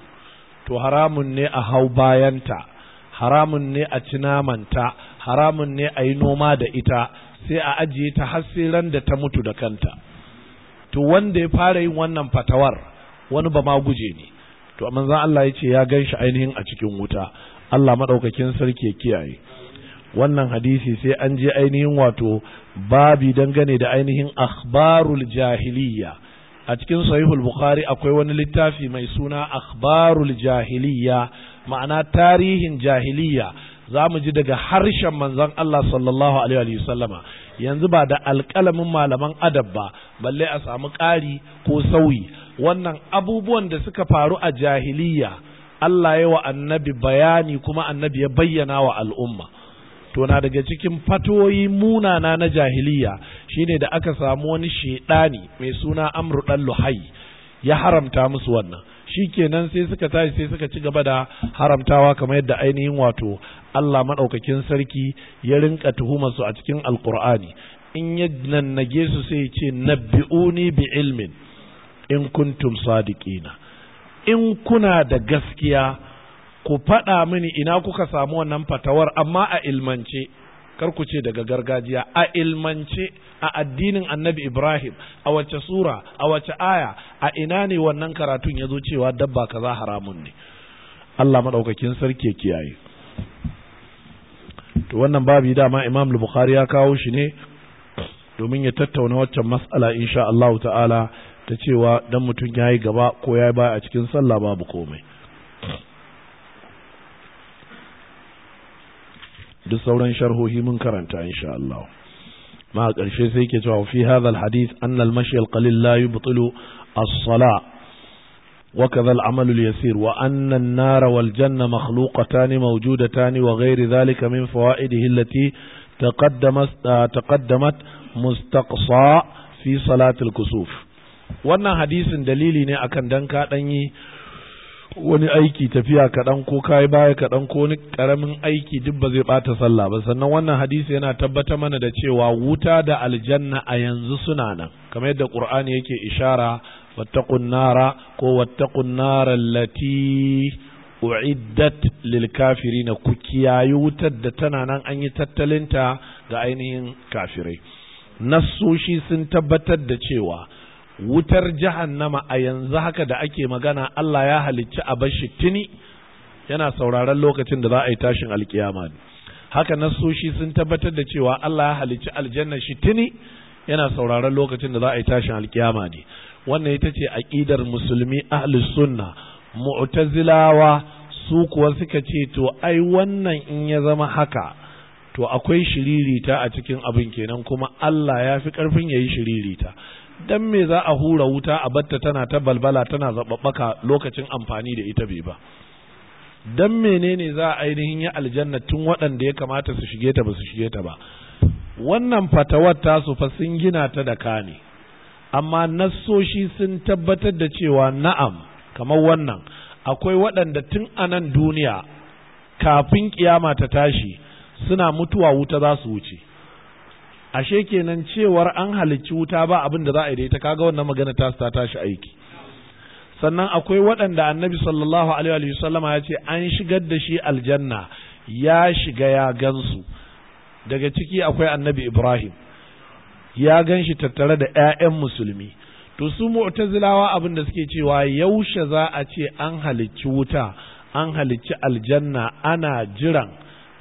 to haramun ne a hau bayanta haramun ne a ci namanta haramun ne a yi noma da ita sai a ajiye ta har sai ran da ta mutu da kanta to wanda ya fara yin wannan fatawar wani ba ma guje ne to amma zan Allah ya ce ya gan shi ainihin a cikin wuta Allah maɗaukakin sarki ya kiyaye wannan hadisi sai an je ainihin wato babi dangane da ainihin akhbarul jahiliya a cikin sahihul bukhari akwai wani littafi mai suna akhbarul jahiliya ma'ana tarihin jahiliya za mu ji daga harshen manzon Allah sallallahu alaihi wa yanzu ba da alƙalamin malaman adab ba balle a samu ƙari ko sauyi wannan abubuwan da suka faru a jahiliya Allah ya wa annabi bayani kuma annabi ya bayyana wa al'umma to na daga cikin fatoyi munana na jahiliya shine da aka samu wani shedani mai suna amru ɗan luhai ya haramta musu wannan Shi shikenan sai suka tashi sai suka ci gaba da haramtawa kamar yadda ainihin wato Allah madaukakin sarki ya rinka tuhumar su a cikin alqur'ani in yadnan nage su sai ce nabbi'uni bi ilmin in kuntum sadiqina in kuna da gaskiya ku faɗa mini ina kuka samu wannan fatawar amma a ilmance kar ku ce daga gargajiya a ilmance a addinin annabi ibrahim a wace sura a wace aya a ina ne wannan karatun ya zo cewa dabba ka za haramun ne allah maɗaukakin sarki kiyaye to wannan babu dama imam bukhari ya kawo shi ne domin ya tattauna waccan mas'ala insha allahu ta'ala ta cewa dan mutum ya yi gaba ko ya yi baya a cikin sallah babu komai duk sauran sharhohi mun karanta insha Allah ma a ƙarshe sai ke cewa fi hadha alhadith anna almashi alqalil la yubtilu as-sala wa kadha al-amal al-yasir wa anna an-nar wal janna makhluqatan mawjudatan wa ghayr dhalika min fawaidihi allati taqaddamat taqaddamat mustaqsa fi salatul al-kusuf wannan hadisin dalili ne akan dan ka danyi wani aiki tafiya kaɗan ko kayi baya kaɗan ko wani ƙaramin aiki duk ba zai ɓata sallah ba sannan wannan hadisi yana tabbata mana da cewa wuta da aljanna a yanzu suna nan kamar yadda qur'ani yake ishara wattaqun nara ko wattaqun nara allati uiddat lil kafirina ku kiyayi wutar da tana nan an yi tattalinta ga ainihin kafirai nasoshi sun tabbatar da cewa wutar jahannama a yanzu haka da ake magana Allah ya halicci a bashi tuni yana sauraron lokacin da za a yi tashin alkiyama ne haka nasoshi sun tabbatar da cewa Allah ya halicci aljanna shi tuni yana sauraron lokacin da za a yi tashin alkiyama ne wannan ita ce aqidar musulmi ahlus sunna mu'tazilawa su kuwa suka ce to ai wannan in ya zama haka to akwai shiririta a cikin abin kenan kuma Allah ya fi karfin yayi shiririta dan me za a hura wuta a batta tana ta balbala tana zababbaka lokacin amfani da ita bai ba dan menene za a ainihin ya aljanna tun waɗanda ya kamata su shige ta ba su shige ta ba wannan fatawar ta su fa sun gina ta da kani amma nasoshi sun tabbatar da cewa na'am kamar wannan akwai waɗanda tun a nan duniya kafin kiyama ta tashi suna mutuwa wuta za su wuce ashe kenan cewar an halicci wuta ba abin da za a yi da ita kaga wannan magana ta ta tashi aiki sannan akwai waɗanda annabi sallallahu alaihi wa sallama ya ce an shigar da shi aljanna ya shiga ya gansu daga ciki akwai annabi ibrahim ya gan shi tattare da 'ya'yan musulmi to su mu'tazilawa abin da suke cewa yaushe za a ce an halicci wuta an halicci aljanna ana jiran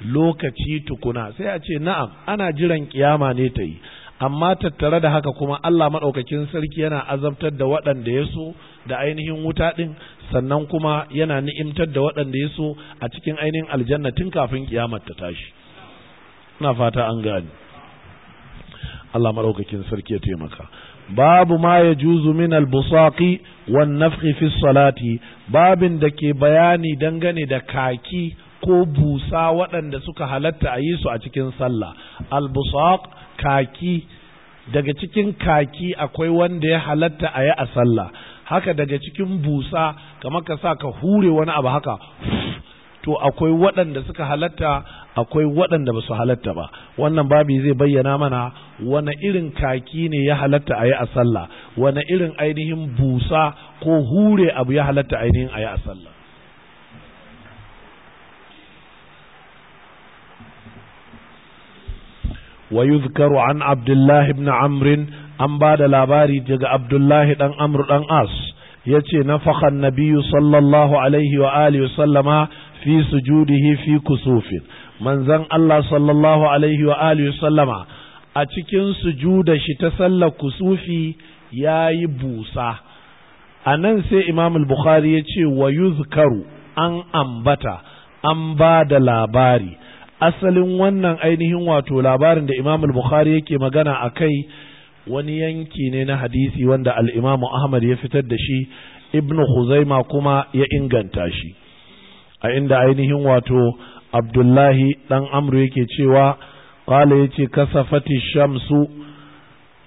lokaci tukuna sai a ce na'am ana jiran kiyama ne ta yi amma tattare da haka kuma Allah maɗaukakin sarki yana azabtar da waɗanda ya so da ainihin wuta ɗin sannan kuma yana ni'imtar da waɗanda ya so a cikin ainihin aljanna tun kafin kiyamar ta tashi ina fata an gane Allah maɗaukakin sarki ya taimaka babu ma ya juzu min albusaqi wan nafhi fi salati babin da ke bayani dangane da kaki ko busa waɗanda suka halatta a yi su a cikin sallah albusaq kaki daga cikin kaki akwai wanda ya halatta a yi a sallah haka daga cikin busa kamar ka sa ka hure wani abu haka to akwai waɗanda suka halatta akwai waɗanda ba su halatta ba wannan babi zai bayyana mana wani irin kaki ne ya halatta a yi a sallah wani irin ainihin busa ko hure abu ya halatta ainihin a yi a sallah wa yuzkaru an abdullahi ibn amrin an ba da labari daga abdullahi dan amr dan as yace ce na sallallahu alaihi wa alihi sallama fi sujudihi fi kusufin manzan Allah sallallahu alaihi wa alihi sallama a cikin sujuda shi ta sallar kusufi ya yi busa a nan sai imam al-bukhari ya ce wa yuzkaru an ambata an ba da labari asalin wannan ainihin wato labarin da Imam al-Bukhari yake magana a kai wani yanki ne na hadisi wanda al Ahmad ya fitar da shi Ibn huzaima kuma ya inganta shi a inda ainihin wato Abdullahi dan Amru yake cewa qala yace kasafati shamsu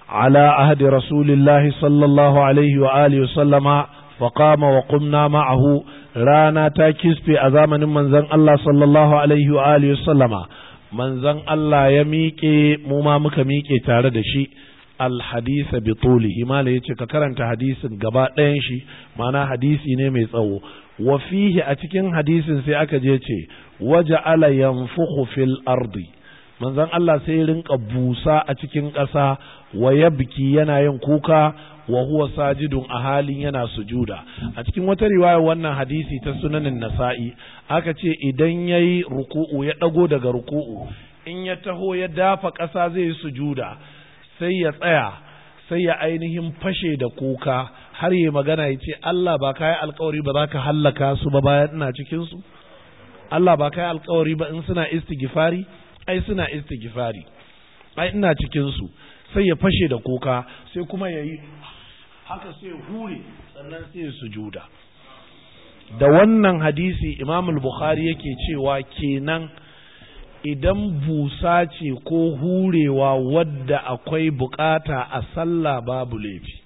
ala ahdi rasulillahi sallallahu alaihi wa alihi wa sallama فقام وقمنا معه rana ta kisfe a zamanin manzon Allah sallallahu alaihi wa alihi sallama manzon Allah ya miƙe mu ma muka miƙe tare da shi alhadisa bi tulihi mala yace ka karanta hadisin gaba ɗayan shi ma'ana hadisi ne mai tsawo wa fihi a cikin hadisin sai aka je ce waja'ala yanfukhu fil ardi manzon Allah sai ya rinka busa a cikin ƙasa wa biki yana yin kuka wa huwa sajidun a halin yana sujuda a cikin wata riwaya wannan hadisi ta sunanin nasa'i aka ce idan ya yi ruku'u ya ɗago daga ruku'u in ya taho ya dafa ƙasa zai yi sujuda sai ya tsaya sai ya ainihin fashe da kuka har yi magana ya ce Allah ba ka yi alkawari ba za ka hallaka su ba bayan ina cikinsu Allah ba ka yi alkawari ba in suna istighfari ai suna istighfari ai ina cikin su sai ya fashe da kuka sai kuma yayi haka sai ya hure sannan sai sujuda da wannan hadisi Imam bukhari yake cewa kenan idan busa ce ko hurewa wadda akwai bukata a sallah babu laifi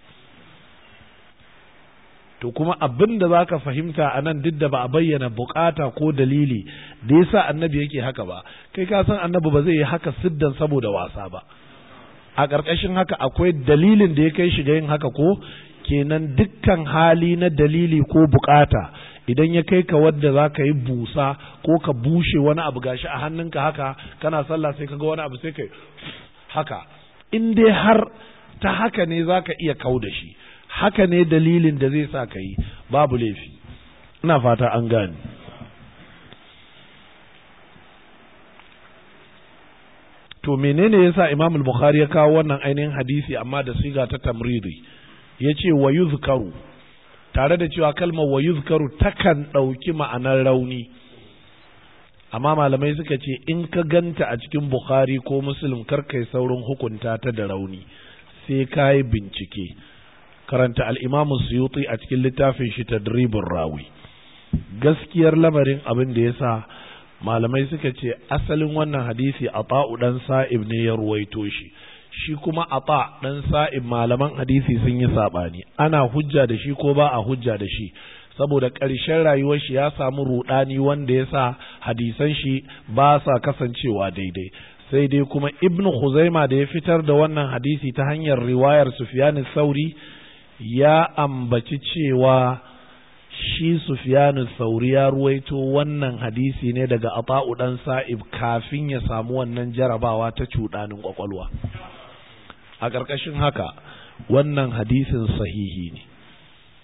to kuma abin da za ka fahimta a nan duk da ba a bayyana bukata ko dalili da ya sa annabi yake haka ba kai ka san annabi ba zai yi haka siddan saboda wasa ba a ƙarƙashin haka akwai dalilin da ya kai shiga yin haka ko kenan dukkan hali na dalili ko bukata idan ya kai ka wadda za ka yi busa ko ka bushe wani abu gashi a hannunka haka kana sallah sai ka ga wani abu sai ka haka in dai har ta haka ne za ka iya kau da shi haka ne dalilin da zai sa ka yi babu laifi ina fata an gani. to menene yasa Imam al-Bukhari ya kawo wannan ainihin hadisi amma da siga ta tamridi yace wa yuzkaru tare da cewa kalmar wa yuzkaru takan dauki ma'anar rauni amma malamai suka ce in ka ganta a cikin Bukhari ko Muslim kar kai saurin hukunta ta da rauni sai kai bincike karanta al-Imam Suyuti a cikin littafin shi Tadribur Rawi gaskiyar lamarin abin da yasa malamai suka ce asalin wannan hadisi Ata'u dan Sa'ib ne ya ruwaito shi shi kuma Ata dan Sa'ib malaman hadisi sun yi saɓani, ana hujja da shi ko ba a hujja da shi saboda ƙarshen rayuwar shi ya samu ruɗani, wanda ya sa hadisan shi ba sa kasancewa daidai sai dai kuma ibnu huzaima da ya fitar da wannan hadisi ta hanyar riwayar sufyan sauri ya ambaci cewa shi Sufyanu Sauri ya ruwaito wannan hadisi ne daga Ata'u dan Sa'ib kafin ya samu wannan jarabawa ta cuɗanin ƙwaƙwalwa. a ƙarƙashin haka wannan hadisin sahihi ne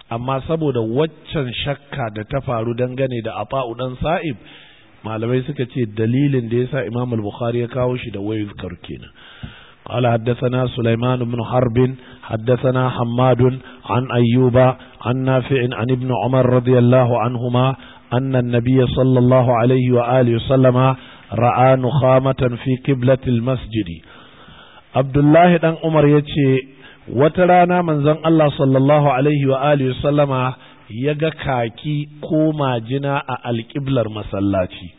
amma saboda waccan shakka da ta faru dangane da Ata'u dan Sa'ib malamai suka ce dalilin da yasa Imam al-Bukhari ya kawo shi da wayuzkar karkina. قال حدثنا سليمان بن حرب حدثنا حماد عن أيوب عن نافع عن ابن عمر رضي الله عنهما أن النبي صلى الله عليه وآله وسلم رأى نخامة في قبلة المسجد عبد الله بن عمر يتي وترانا من زن الله صلى الله عليه وآله وسلم يجا كاكي كوما جنا القبلة المسلاتي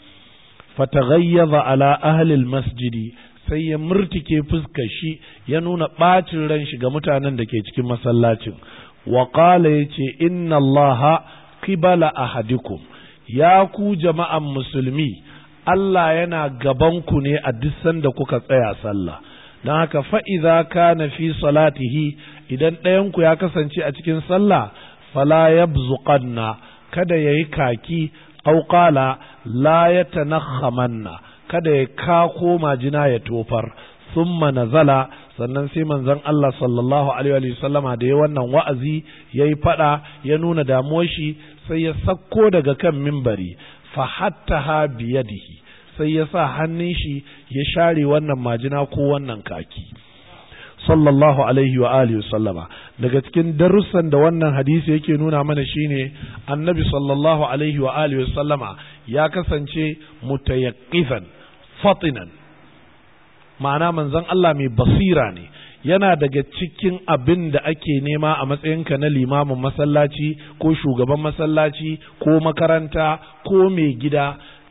fatagayyaza ala ahlil masjidi sai ya murtike fuskar shi ya nuna ɓacin ran shi ga mutanen da ke cikin masallacin wa qala yace inna allaha qibala ahadikum ya ku jama'an musulmi Allah yana gaban ku ne a duk sanda kuka tsaya sallah don haka fa'iza kana fi salatihi idan ɗayanku ya kasance a cikin sallah fala ya kada ya yi kaki auƙala la ya tanakhamanna kada ya kako majina ya tofar summa zala sannan sai manzon Allah sallallahu alaihi wa da ya wannan wa'azi yi fada ya nuna damuwa shi sai ya sakko daga kan mimbari fa hatta ha biyadihi sai ya sa hannun shi ya share wannan majina ko wannan kaki sallallahu alaihi wa alihi sallama daga cikin darussan da wannan hadisi yake nuna mana shine annabi sallallahu alaihi wa alihi sallama ya kasance mutayaqqifan fatinan ma'ana manzon Allah mai basira ne yana daga cikin abin da ake nema a matsayinka na limamin masallaci ko shugaban masallaci ko makaranta ko mai gida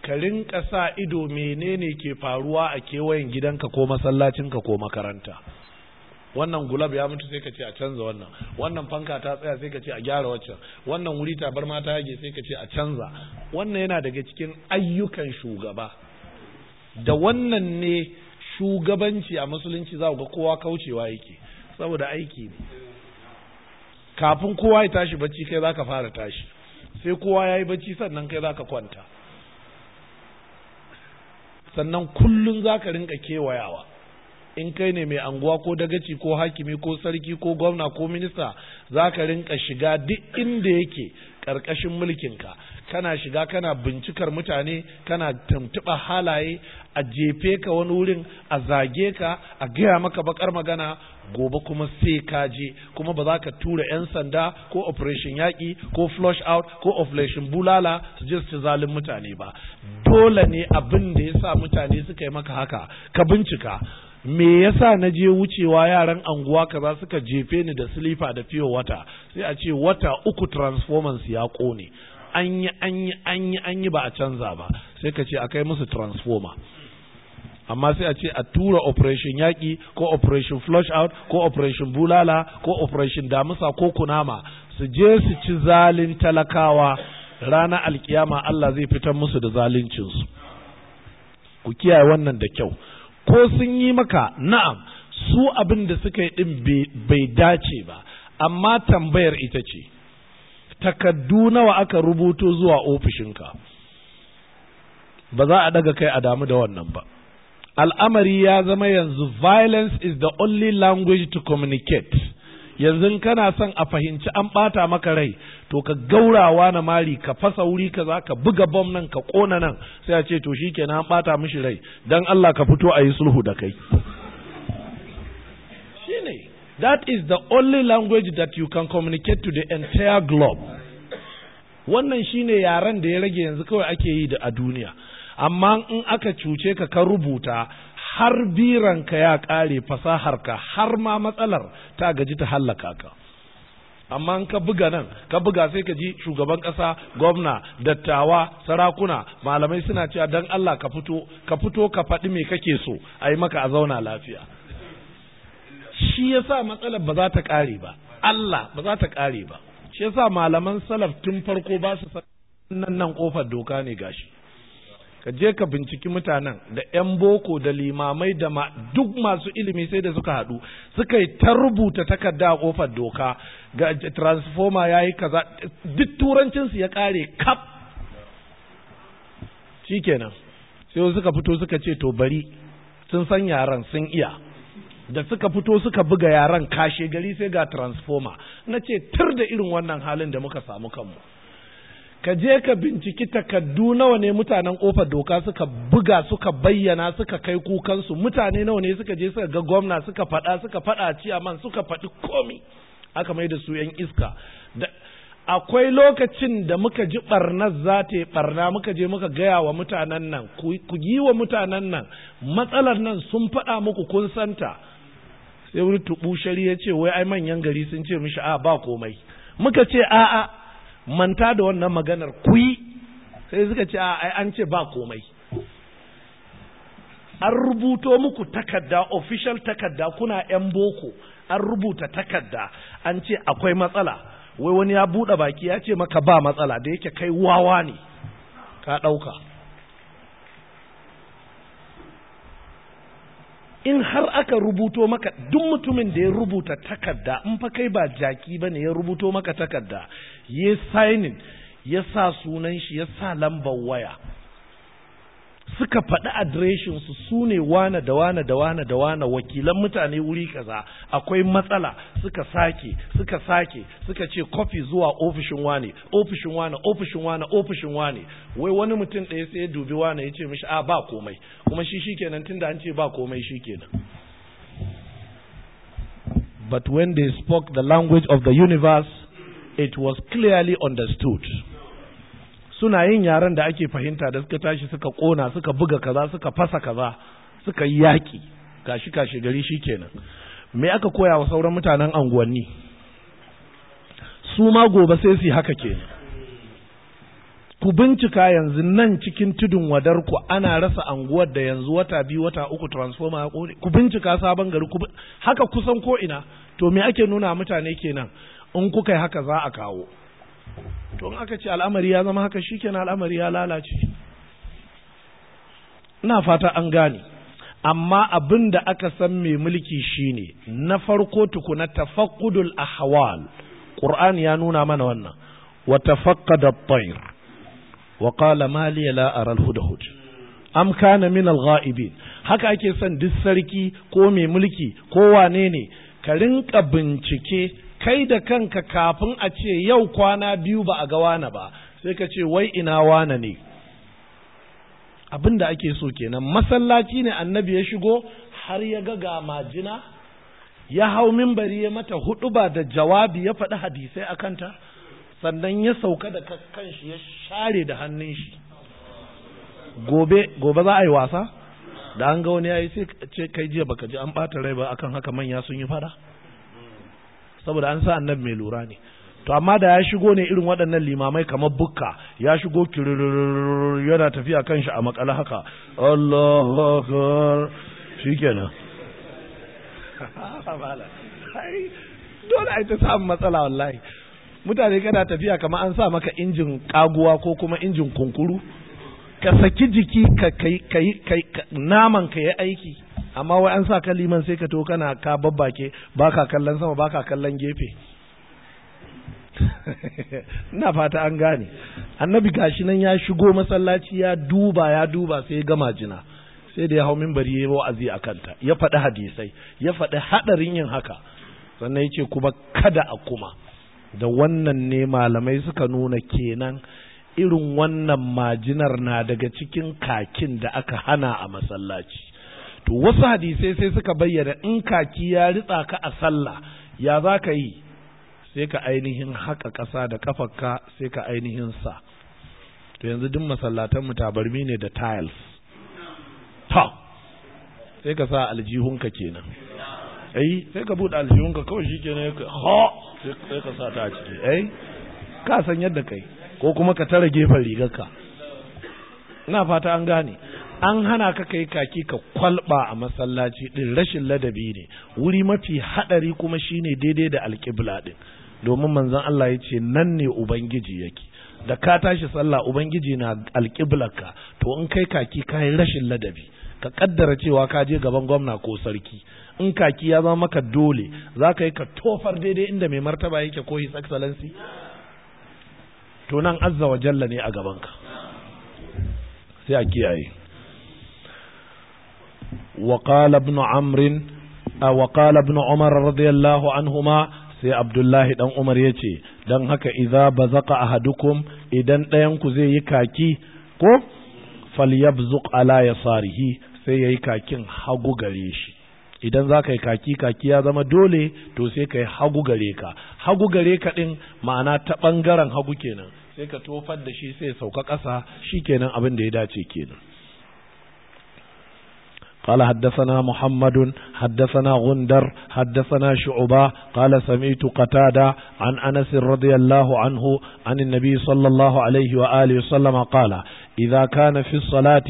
ka rinka sa ido menene ke faruwa a kewayen gidanka ko masallacinka ko makaranta wannan gulab ya mutu sai ka ce a canza wannan wannan fanka ta tsaya sai ka ce a gyara waccan wannan wuri tabarma ta yage sai ka ce a canza wannan yana daga cikin ayyukan shugaba da wannan ne shugabanci a musulunci za ga kowa kaucewa yake saboda aiki ne kafin kowa ya tashi bacci kai za ka fara tashi sai kowa ya yi bacci sannan kai za ka kwanta sannan kullum za ka rinka kewayawa in kai ne mai anguwa ko dagaci ko hakimi ko sarki ko gwamna ko minista za ka rinka shiga duk inda yake ƙarƙashin mulkinka kana shiga kana bincikar mutane kana tuntuɓa halaye a jefe ka wani wurin a zage ka a gaya maka bakar magana gobe kuma sai ka je kuma ba za ka tura 'yan sanda ko operation yaƙi ko flush out ko operation bulala su je su zalin mutane ba dole ne abin da ya sa mutane suka yi maka haka ka bincika me yasa na je wucewa yaran anguwa kaza suka jefe ni da silifa da fiyo wata sai a ce wata uku transformance ya kone Anyi, anyi, anyi, anyi ba a canza ba sai ka ce akai musu transformer amma sai a ce a tura operation yaki ko operation flush out ko operation bulala ko operation damusa ko kunama su je su ci zalin talakawa rana alkiyama Allah zai fitar musu da su ku kiyaye wannan da kyau ko sun yi maka na'am su abin da suka yi din bai dace ba amma tambayar ita ce takaddu nawa aka rubuto zuwa ofishinka ba za a daga kai a damu da wannan ba al'amari ya zama yanzu violence is the only language to communicate yanzu kana son a fahimci an ɓata maka rai to ka gaurawa na mari ka fasa wuri ka za ka buga bom nan ka kona nan sai a ce to shi kenan an bata mishi rai don Allah ka fito a yi sulhu da kai shi ne That is the only language that you can communicate to the entire globe. Wannan shi ne yaren da ya rage yanzu kawai ake yi da a duniya. Amma in aka cuce ka ka rubuta har biranka ya ƙare fasaharka har ma matsalar ta gaji ta hallaka ka. amma in ka buga nan ka buga sai ka ji shugaban ƙasa, gwamna dattawa sarakuna malamai suna cewa don Allah ka fito ka fito ka faɗi me kake so a yi maka a zauna lafiya shi ya sa matsalar ba za ta ƙare ba Allah ba za ta ƙare ba shi ya sa malaman salaf tun farko ba su nan nan kofar doka ne gashi ka je ka binciki mutanen da 'yan boko da limamai da duk masu ilimi sai da suka haɗu suka yi ta rubuta takarda a kofar doka ga transforma ya yi kaza duk turancinsu ya ƙare kap kenan, sai suka fito suka ce to bari sun san yaran sun iya da suka fito suka buga yaran kashe gari sai ga transformer na ce tur da irin wannan halin da muka samu kanmu ka je ka binciki takaddu nawa ne mutanen kofar doka suka buga suka bayyana suka kai kukansu mutane nawa ne suka je suka ga gwamna suka faɗa suka faɗa ciyaman suka faɗi komi aka mai da su yan iska akwai lokacin da muka ji ɓarnar za ta yi ɓarna muka je muka gaya wa mutanen nan ku yi wa mutanen nan matsalar nan sun faɗa muku kun santa sai wani tubushari ya ce wai ai manyan gari sun ce mishi a ah, ba komai muka ce a'a manta da wannan maganar kuyi sai suka ce a ai an ce ba komai an rubuto muku takarda official takarda kuna yan boko an rubuta takarda an ce akwai matsala wai wani ya buɗe baki ya ce maka ba matsala da yake kai wawa ne ka ɗauka in har aka rubuto maka duk mutumin da ya rubuta takarda in fa kai ba jaki ba ne, ya rubuto maka takarda ya signing ya sa sunan shi ya sa lambar waya suka faɗi adireshinsu su ne wane da wane da wane da wane wakilan mutane wuri kaza akwai matsala suka sake suka sake suka ce kofi zuwa ofishin wane ofishin wane ofishin wane ofishin wane wai wani mutum ɗaya sai ya dubi wane ya ce mishi a ba komai kuma shi shikenan da an ce ba komai shikenan but when they spoke the language of the universe it was clearly understood suna yin yaren da ake fahimta da suka tashi suka kona suka buga kaza suka fasa kaza suka yi yaƙi gashi kashi gari shi kenan me aka koya wa sauran mutanen anguwanni su ma gobe sai su haka kenan ku bincika yanzu nan cikin tudun wadar ku ana rasa anguwar da yanzu wata biyu wata uku transformer ya kore ku bincika sabon gari ku haka kusan ko ina to me ake nuna mutane kenan in kuka yi haka za a kawo to in aka ce al'amari ya zama haka shi kenan al'amari ya lalace ina fata an gane amma abin da aka san mai mulki shine na farko tukuna tafaqqudul ahwal qur'ani ya nuna mana wannan wa tafaqqada at-tayr wa qala ma li la ara al-hudhud am kana min al-ghaibin haka ake son duk sarki ko mai mulki ko wane ne ka rinka bincike kai da kanka kafin a ce yau kwana biyu ba a ga wana ba sai ka ce wai ina wana ne abin da ake so kenan masallaci ne annabi ya shigo har ya ga ga majina ya hau mimbari ya mata hudu ba da jawabi ya faɗi hadisai a kanta sannan ya sauka da kan shi ya share da hannun shi gobe gobe za a yi wasa da an ga wani ya yi sai ce kai jiya baka ji an ɓata rai ba akan haka manya sun yi fada saboda an sa annab mai lura ne to amma da ya shigo ne irin waɗannan limamai kamar bukka ya shigo yana a makala (laughs) matsala wallahi mutane kana tafiya kamar an sa maka injin kaguwa ko kuma injin kunkuru ka saki jiki ka aiki amma wai an sa kaliman sai ka to kana ka babbake ka kallon sama ba ka kallon gefe (laughs) ina fata an gane annabi gashi nan ya shigo masallaci ya duba ya duba sai ya gama jina sai da ya hau minbari ya yi wa'azi a kanta ya faɗi hadisai ya faɗi haɗarin yin haka sannan ya ce kuma kada a kuma da wannan ne malamai suka nuna kenan irin wannan majinar na daga cikin kakin da aka hana a masallaci to wasu hadisai sai suka bayyana in kaki ya ritsa ka a sallah ya za ka yi sai ka ainihin haka ƙasa da kafarka sai ka ainihin sa to yanzu duk masallatan mu tabarmi ne da tiles ta sai ka sa aljihunka kenan ai sai ka buɗe aljihunka kawai shi kenan ka ha sai ka sa ta a ciki ai ka san yadda kai ko kuma ka tara gefen rigarka ina fata an gane an hana ka kai kaki ka kwalba a masallaci din rashin ladabi ne wuri mafi hadari kuma shine daidai da alƙibla din domin manzon Allah ya ce nan ne ubangiji yake da ka tashi sallah ubangiji na alƙiblarka to in kai kaki ka yi rashin ladabi ka kaddara cewa ka je gaban gwamna ko sarki in kaki ya zama maka dole za ka yi ka tofar daidai inda mai martaba yake ko his excellency to nan azza wa jalla ne a gabanka sai a kiyaye وقال ابن عمرو وقال ابن عمر رضي الله عنهما sai Abdullahi dan Umar ya ce don haka idza a ahadukum idan ɗayan ku zai yi kaki ko falyabzuq ala sarihi sai yayi kakin hagu gare shi idan za ka yi kaki kaki ya zama dole to sai ka yi hagu gare ka hagu gare ka ɗin ma'ana ta ɓangaren hagu kenan sai ka tofar da shi sai sauka ƙasa shi kenan abin da ya dace kenan قال حدثنا محمد حدثنا غندر حدثنا شعبة قال سمعت قتادة عن أنس رضي الله عنه عن النبي صلى الله عليه وآله وسلم قال إذا كان في الصلاة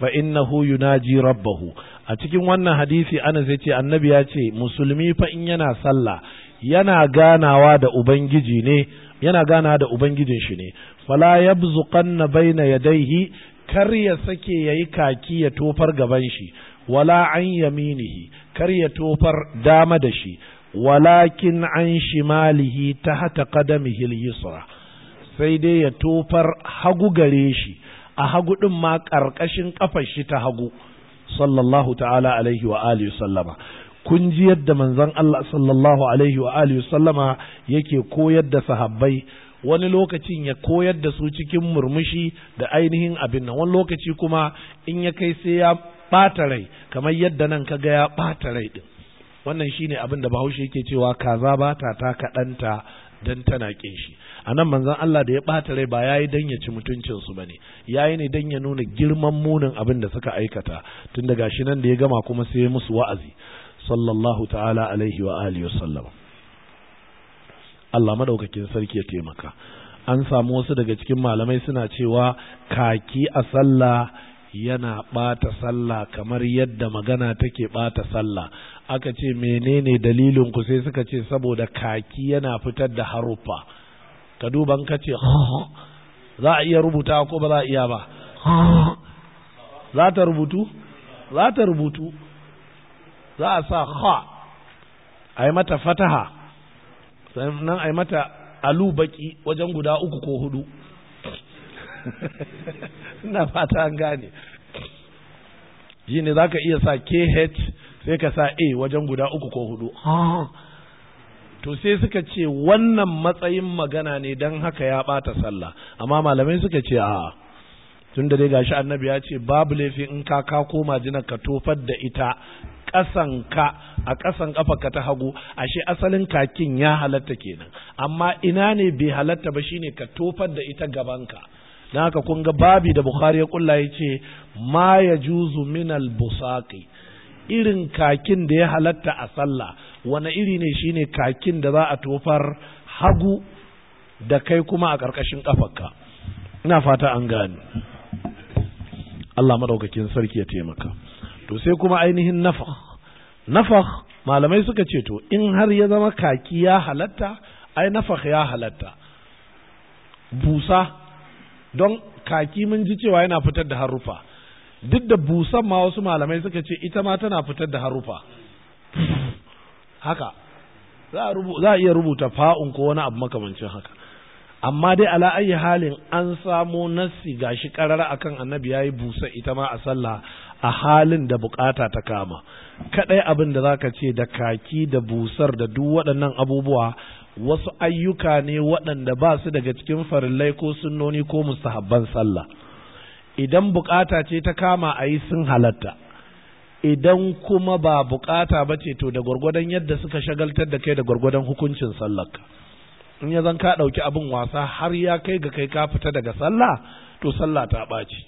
فإنه يناجي ربه أتكلم وانا حديثي أنا زيتي النبي أتي مسلمي فإن ينا صلى yana ganawa da Ubangiji ne, yana ganawa da Ubangijin shi ne, fala ya buzuƙanna baina yadaihi kar ya sake ya yi kaki ya tofar gaban shi, wala an yaminihi kar ya tofar dama da shi walakin an shimalihi ta hata qadamihi yusra sai dai ya tofar hagu gare shi a hagu ɗin ma ƙarƙashin kafar shi ta hagu sallallahu ta'ala alaihi wa alihi sallama kun ji yadda manzon Allah sallallahu alaihi wa alihi sallama yake koyar da sahabbai wani lokacin ya koyar da su cikin murmushi da ainihin abin nan wani lokaci kuma in ya kai sai ya ɓata rai kamar yadda nan ka ga ya ɓata rai ɗin wannan shine abin da bahaushe yake cewa kaza ba ta ta kaɗanta don tana ƙin shi a nan manzon Allah da ya ɓata rai ba ya yi don ya ci mutuncinsu ba ne ya yi ne don ya nuna girman munin abin da suka aikata tun daga shi nan da ya gama kuma sai musu wa'azi sallallahu ta'ala alaihi wa alihi wasallam Allah madaukakin sarki ya taimaka an samu wasu daga cikin malamai suna cewa kaki a sallah yana ɓata sallah kamar yadda magana take ɓata sallah aka ce menene dalilin ku sai suka ce saboda kaki yana fitar da haruffa ka duban ka ce za a iya rubuta ko ba za a iya ba za ta rubutu za ta rubutu za a sa ha a yi mata fataha sannan a yi mata alubaki baki wajen guda uku ko hudu (laughs) Na fata an gane shi ne za ka iya sa kh sai ka sa a wajen guda uku ko hudu ah. to sai suka ce wannan matsayin magana ne don haka ya bata sallah amma malamai suka ce a tun da dai gashi annabi ya ce babu laifi in ka ka koma jinar ka tofar da ita kasan ka a kasan ka ta hagu ashe asalin kakin ya halatta kenan amma ina ne bai halatta ba shine ka tofar da ita gabanka don haka kun ga babi da bukhari ya kulla ya ce ma ya juzu min albusaki, irin kakin da ya halatta a sallah wani iri ne shi ne kakin da za a tofar hagu da kai kuma a ƙarƙashin ƙafarka ina fata an gani Allah madaukakin sarki ya taimaka to sai kuma ainihin nafakh nafakh malamai suka ce to in har ya zama kaki ya halatta ai nafakh ya halatta busa don kaki mun ji cewa yana fitar da harufa duk da busan ma wasu malamai suka ce ita ma tana fitar da harufa haka za a iya rubuta fa'un ko wani abu makamancin haka amma dai ala ayi halin an samo nassi gashi karara akan annabi yayi busa ita ma a sallah a halin da bukata ta kama kadai abin da zaka ce da kaki da busar da duk waɗannan abubuwa wasu ayyuka ne waɗanda ba su daga cikin farillai ko sunnoni ko mustahabban sallah idan bukata ce ta kama a yi sun halatta idan kuma ba bukata ba ce to da gwargwadon yadda suka shagaltar da kai da gwargwadon hukuncin sallarka in ya zan ka ɗauki abin wasa har ya kai ga kai ka fita daga sallah to sallah ta ɓaci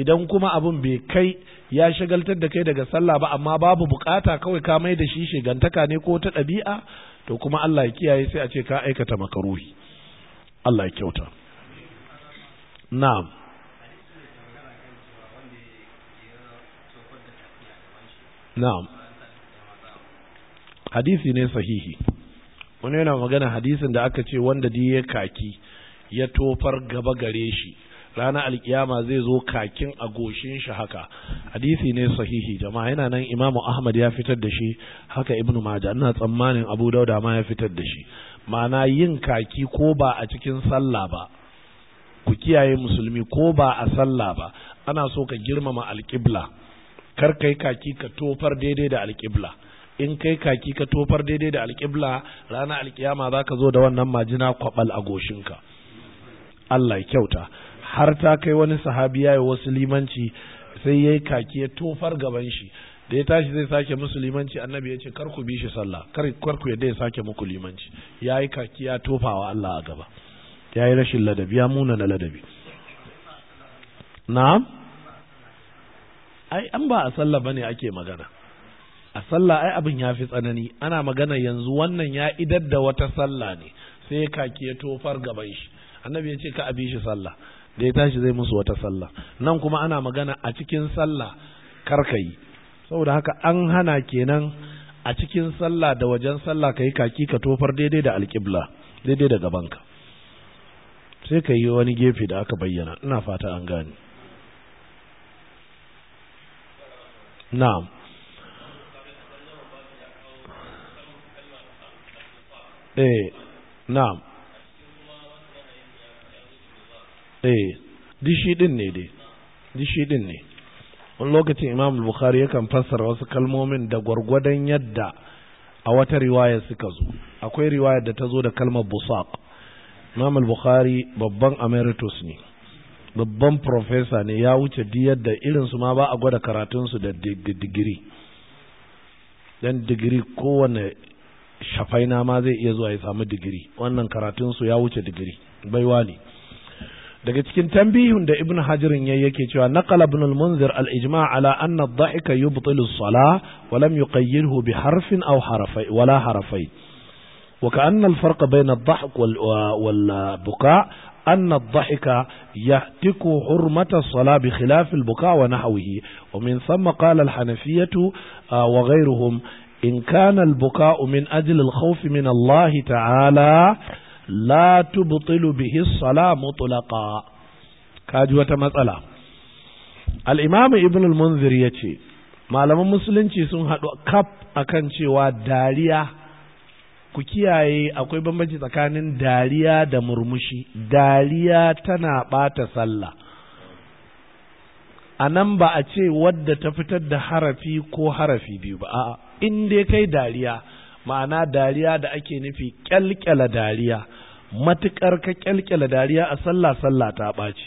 idan kuma abin bai kai ya shagaltar da kai daga sallah ba amma babu bukata kawai ka mai da shi shigantaka ne ko ta ɗabi'a to kuma Allah ya kiyaye sai a ce ka aikata makaruhi Allah ya kyauta na'am na'am hadisi ne sahihi wani yana magana hadisin da aka ce wanda di ya kaki ya tofar gaba gare shi ranar alkiyama zai zo kakin a goshin shi haka hadisi ne sahihi jama'a yana nan imamu ahmad ya fitar da shi haka ibnu majah ina tsammanin abu dauda ma ya fitar da shi ma'ana yin kaki ko ba a cikin sallah ba ku kiyaye musulmi ko ba a sallah ba ana so ka girmama alƙibla kar kai kaki ka tofar daidai da alƙibla in kai kaki ka tofar daidai da alƙibla ranar alƙiyama za ka zo da wannan majina kwabal a goshinka Allah ya kyauta har ta kai wani sahabi ya yi wasu limanci sai ya yi kaki ya tofar gaban shi da ya tashi zai sake musu limanci annabi ya ce kar ku bi shi sallah kar ku yadda ya sake muku limanci ya yi kaki ya tofa wa Allah a gaba ya yi rashin ladabi ya muna na ladabi na'am ai an ba a sallah bane ake magana a sallah ai abin ya fi tsanani ana magana yanzu wannan ya idar da wata sallah ne sai ya kaki ya tofar gaban shi annabi ya ce ka abi shi sallah da ya tashi zai musu wata sallah nan kuma ana magana a cikin sallah karkayi saboda haka an hana kenan a cikin sallah da wajen sallah ka kaki ka tofar daidai da alƙibla daidai da gabanka sai ka yi wani gefe da aka bayyana ina fata an gane na'am eh na'am eh dishi din ne dai dishi din ne wani lokacin imam bukhari yakan fassara wasu kalmomin da gwargwadon yadda a wata riwaya suka zo akwai riwaya da ta zo da kalmar busaq imam bukhari babban emeritus ne babban profesa ne ya wuce di yadda irinsu ma ba a gwada karatunsu da digiri dan digiri kowane shafaina ma zai iya zuwa ya samu digiri wannan karatunsu ya wuce digiri baiwa ne daga cikin tambihun da ibn hajirin ya yake cewa na ibn al-munzir al-ijma ala anna dha'ika yubtilu as-sala wa lam yuqayyirhu bi harfin wala harafay wa ka anna al-farq bayna ad-dhahk wal buka anna ad-dhahika yahtiku hurmata sala bi khilaf al-buka wa nahwihi wa min thumma qala al in kana al-buka min ajli al-khawf min Allah ta'ala la tubtilu bihi sala mutlaqa kaji wata matsala al-imam ibn ya ce malaman musulunci sun haɗu kaf akan cewa dariya ku kiyaye akwai bambanci tsakanin dariya da murmushi dariya tana ɓata sallah a nan ba a ce wadda ta fitar da harafi ko harafi biyu ba a'a in dai kai dariya ma'ana dariya da ake nufi kyalkyala dariya matuƙar ka ƙyalƙyala dariya a sallah sallah ta ɓaci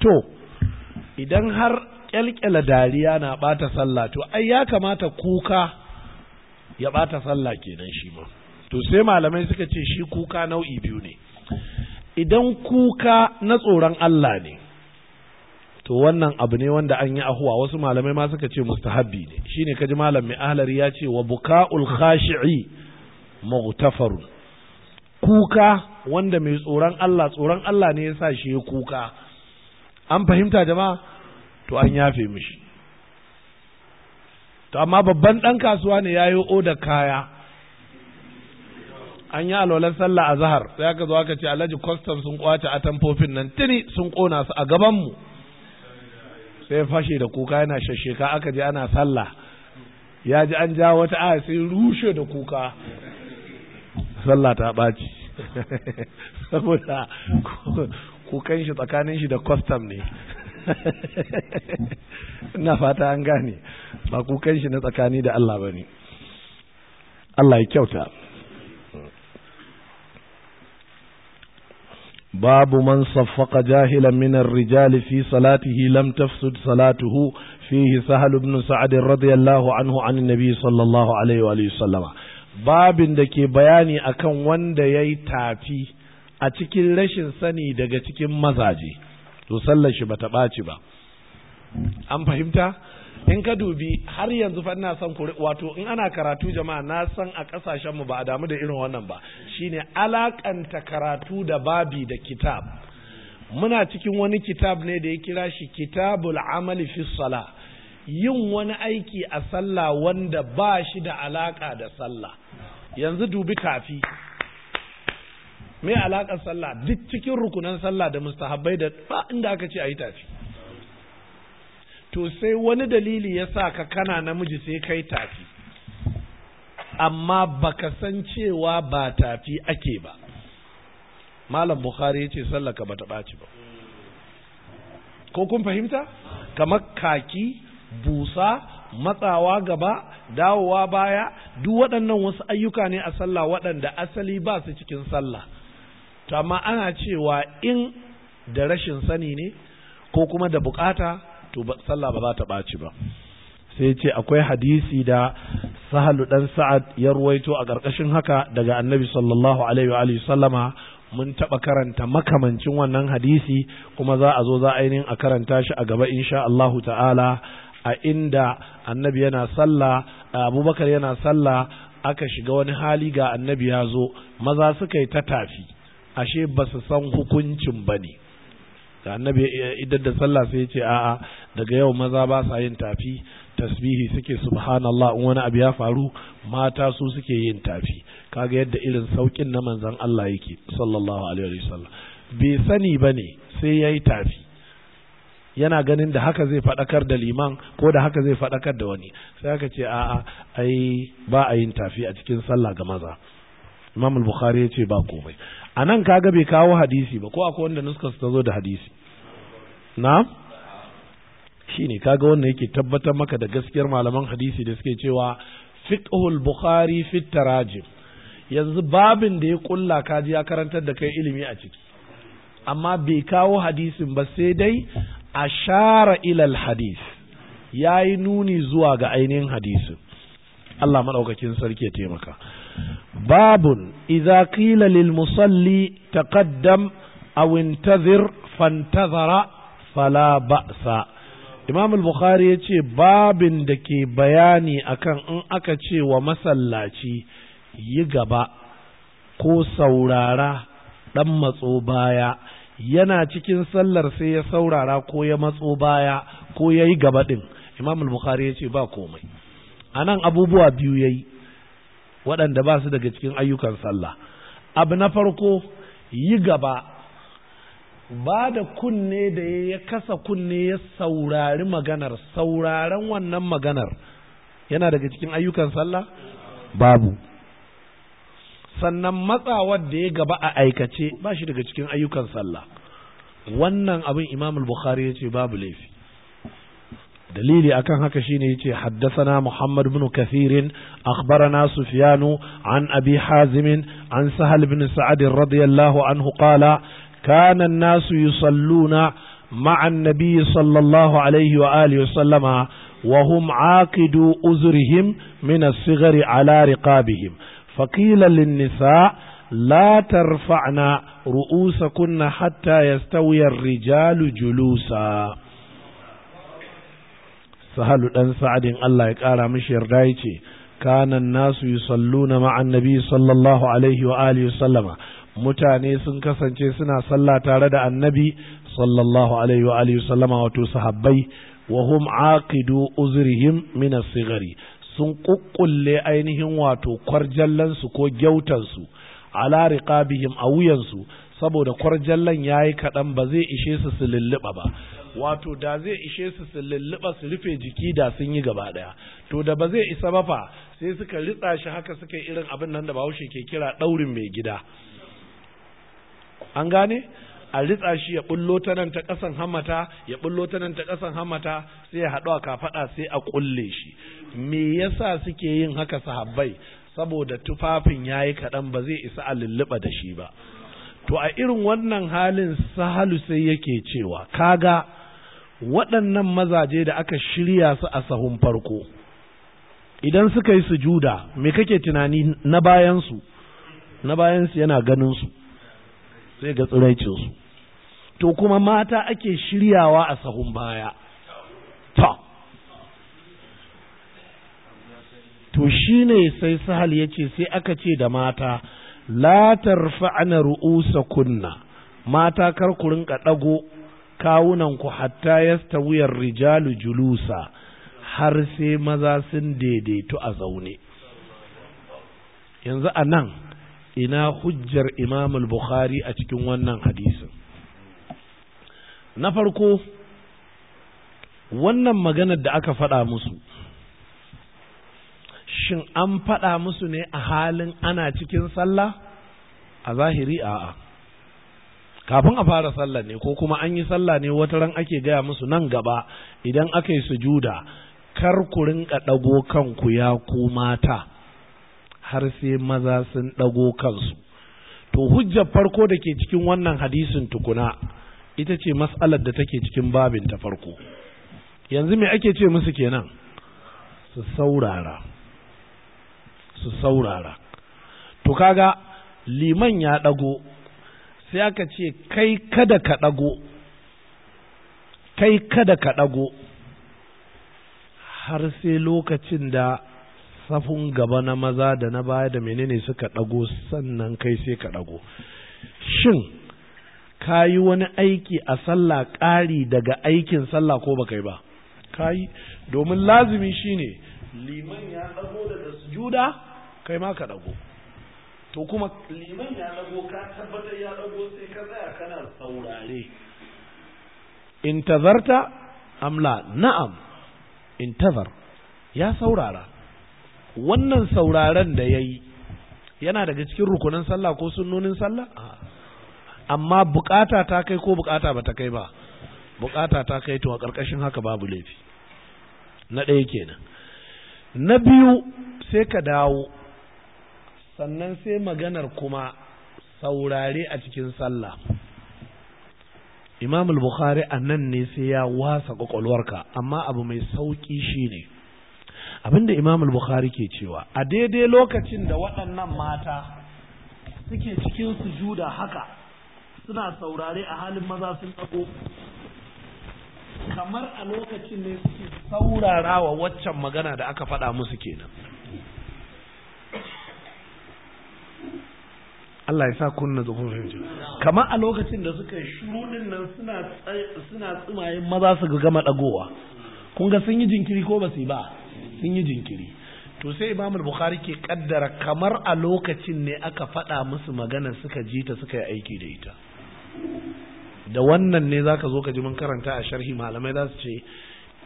to idan har ƙyalƙyala dariya na ɓata sallah to ai ya kamata kuka ya ɓata sallah kenan shi ma to sai malamai suka ce shi kuka nau'i biyu ne idan kuka na tsoron Allah ne to wannan abu ne wanda an yi ahuwa wasu malamai ma suka ce mustahabbi ne shine kaji malam mai ahlari ya ce wa buka'ul khashi'i maghtafarun kuka wanda mai tsoron Allah tsoron Allah ne ya sa shi ya kuka an fahimta jama'a to an yafe mishi to amma babban ɗan kasuwa ne ya yi oda kaya an yi alwalar sallah a zahar sai aka zo aka ce alhaji kwastam sun kwace a tamfofin nan tuni sun kona su a gabanmu sai ya fashe da kuka yana shasheka aka je ana sallah ya ji an ja wata aya sai rushe da kuka sallah ta ɓaci (laughs) saboda kukan shi tsakanin shi da kwastam ne (laughs) ina fata an gane ba kukan shi na tsakani da Allah ba ne Allah ya kyauta babu man saffaka jahilan min ar-rijali fi salatihi lam tafsud salatuhu fihi sahal ibn sa'd radiyallahu anhu an nabi sallallahu alaihi wa sallama babin da ke bayani akan wanda ya yi tafi a cikin rashin sani daga cikin mazaje to sallar shi bata ɓaci ba an fahimta in ka dubi har yanzu fa ina son kuri wato in ana karatu jama'a na san a kasashen mu ba a damu da irin wannan ba shine alakanta karatu da babi da kitab muna cikin wani kitab ne da ya kira shi kitabul amali fi sala yin wani aiki a sallah wanda ba shi da alaka da sallah yanzu dubi tafi mai alaƙar sallah duk cikin rukunan sallah da mustahabbai da ba inda aka ce a yi tafi to sai wani dalili ya sa ka kana namiji sai kai tafi amma baka san cewa ba tafi ake ba malam bukhari ya ce sallah sallaka bata ɓaci ba ko kun fahimta kamar kaki busa matsawa gaba dawowa baya duk waɗannan wasu ayyuka ne a sallah waɗanda asali ba su cikin sallah to amma ana cewa in da rashin sani ne ko kuma da bukata to sallah ba za ta ɓaci ba sai ce akwai hadisi da sahalu dan sa'ad ya ruwaito a ƙarƙashin haka daga annabi sallallahu alaihi wa sallama mun taɓa karanta makamancin wannan hadisi kuma za a zo za ainihin a karanta shi a gaba insha Allahu ta'ala a inda annabi yana sallah abubakar yana sallah aka shiga wani hali ga annabi ya zo maza suka yi ta tafi ashe ba su san hukuncin ba ne da annabi idan da sallah sai ya ce a'a daga yau maza ba sa yin tafi tasbihi suke subhanallah in wani abu ya faru mata su suke yin tafi kaga yadda irin saukin na manzon Allah yake sallallahu alaihi wasallam bai sani bane sai yayi tafi yana ganin da haka zai faɗakar da liman ko da haka zai faɗakar da wani sai aka ce a'a ai ba a yin tafi a cikin sallah ga maza imam al-bukhari ya ce ba komai a kaga bai kawo hadisi ba ko akwai wanda nuskar su zo da hadisi na shine kaga wanda yake tabbatar maka da gaskiyar malaman hadisi da suke cewa fiqhul bukhari fi tarajim yanzu babin da ya kulla kaji ya karantar da kai ilimi a ciki amma bai kawo hadisin ba sai dai ashara ilal hadis ya yi nuni zuwa ga ainihin hadisi. Allah maɗaukakin sarki ya taimaka babun idza qila lil musalli taqaddam aw intazir fantazara fala ba'sa Imam al-Bukhari yace ce babin da ke bayani akan in aka ce wa masallaci yi gaba ko saurara ɗan matso baya yana cikin sallar sai ya saurara ko ya matso baya ko ya yi gaba ɗin imam bukhari ya ce ba komai a nan abubuwa biyu ya yi waɗanda ba su daga cikin ayyukan sallah abu na farko yi gaba ba da kunne da ya kasa kunne ya saurari maganar sauraren wannan maganar yana daga cikin ayyukan sallah babu sannan matsawar da ya gaba a aikace ba shi daga cikin ayyukan sallah wannan abin imam bukhari ya ce babu laifi dalili akan haka shine yace haddathana muhammad ibn kathir akhbarana sufyanu an abi hazim an sahal ibn sa'd radiyallahu anhu qala kana an-nas yusalluna ma'a an-nabi sallallahu alayhi wa alihi wa sallama wa hum aqidu uzrihim min as-sighri ala riqabihim faƙila linnisa la tarfa'na ru'usakunna hatta yastawiya rijalu julusa sahalu ɗan sa'adin Allah ya ƙara mishi yarda yace kana nasu yusalluna ma'an nabi sallallahu alaihi wa alihi sallama mutane sun kasance suna sallah tare da annabi sallallahu alaihi wa alihi sallama wato sahabbai wa hum akidu uzrihim mina sigari. sun ƙuƙƙulle ainihin wato kwarjallansu ko gyautansu ala riqabihim a wuyansu saboda kwarjallan yayi kaɗan ba zai ishe su su lulluɓa ba wato da zai ishe su su lulluɓa su rufe jiki da sun yi gaba ɗaya to da ba zai isa ba fa sai suka ritsa shi haka suka yi irin abin nan da bahaushe ke kira ɗaurin mai gida an gane a ritsa shi ya bullo ta nan ta ƙasan hamata ya bullo ta nan ta ƙasan hamata sai ya haɗu a kafaɗa sai a ƙulle shi me yasa suke yin haka sahabbai saboda tufafin yayi kaɗan ba zai isa a lulluɓa da shi ba to a irin wannan halin sahalu sai yake cewa kaga waɗannan mazaje da aka shirya su a sahun farko idan suka yi sujuda me kake tunani na bayansu na su yana ganin su sai ga tsiraicinsu to kuma mata ake shiryawa a sahun baya ta to shi ne sai sahal ya ce sai aka ce da mata latar fa’ana ru'usa kunna mata kar ku rinƙa ɗago, kawunan ku hatta wuyar rijalu julusa har sai maza sun daidaito a zaune yanzu a nan ina hujjar Imamul bukhari a cikin wannan hadisin na farko wannan maganar da aka faɗa musu shin an faɗa musu ne a halin ana cikin sallah a zahiri a'a kafin a fara sallah ne ko kuma an yi sallah ne wata ran ake gaya musu nan gaba idan aka yi sujuda kar ku rinka ɗago kanku ya ku mata har sai maza sun ɗago kansu to hujjar farko da ke cikin wannan hadisin tukuna ita ce matsalar da take cikin babin ta farko yanzu me ake ce musu kenan su saurara su saurara to kaga liman ya ɗago sai aka ce kai kada ka ɗago kai kada ka ɗago har sai lokacin da safun gaba na maza da na baya da menene suka ɗago sannan kai sai ka ɗago shin ka yi wani aiki a sallah ƙari daga aikin sallah ko ba kai ba ka domin lazumi shine liman ya ɗago daga sujuda kai ma ka dago to kuma liman ya dago ka tabbatar ya dago sai ka tsaya kana saurare intazarta amla na'am intazar ya saurara wannan sauraren da yayi yana daga cikin rukunin sallah ko sunnonin sallah amma bukata ta kai ko bukata ba ta kai ba bukata ta kai to a karkashin haka babu laifi na ɗaya kenan na biyu sai ka dawo sannan sai maganar kuma saurare a cikin sallah imam bukhari a nan ne sai ya wasa kwakwalwarka amma abu mai sauƙi shine abinda imam bukhari ke cewa a daidai lokacin da waɗannan mata suke cikin sujuda haka suna saurare a halin maza sun tsago kamar a lokacin ne suke saurara wa waccan magana da aka faɗa musu kenan Allah ya sa kunna da kofin kamar a lokacin da suka shurudin nan suna suna tsumaye maza su ga gama dagowa kun ga sun yi jinkiri ko ba su yi ba sun yi jinkiri to sai Imam Bukhari ke kaddara kamar a lokacin ne aka faɗa musu magana suka ji ta suka yi aiki da ita da wannan ne zaka zo ka ji mun karanta a sharhi malamai za su ce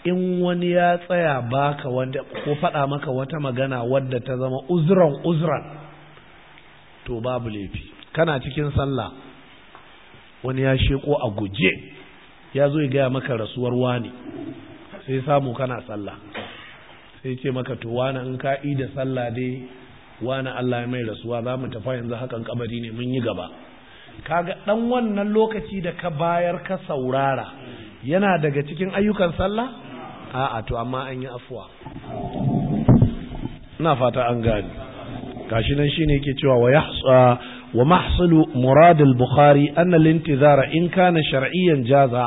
in wani ya tsaya baka wanda ko faɗa maka wata magana wadda ta zama uzran uzran to babu laifi kana cikin sallah wani ya sheko a guje ya zo ya gaya maka rasuwar wani sai samu kana sallah sai ce maka to wani in ka da sallah dai wani Allah ya mai rasuwa za mu tafa yanzu hakan kabari ne mun yi gaba kaga dan wannan lokaci da ka bayar ka saurara yana daga cikin ayyukan sallah a'a to amma an yi afuwa ina fata an gani gashi nan shine yake cewa wa yahsa wa mahsulu murad al-bukhari an al-intizara in kana shar'iyyan jaza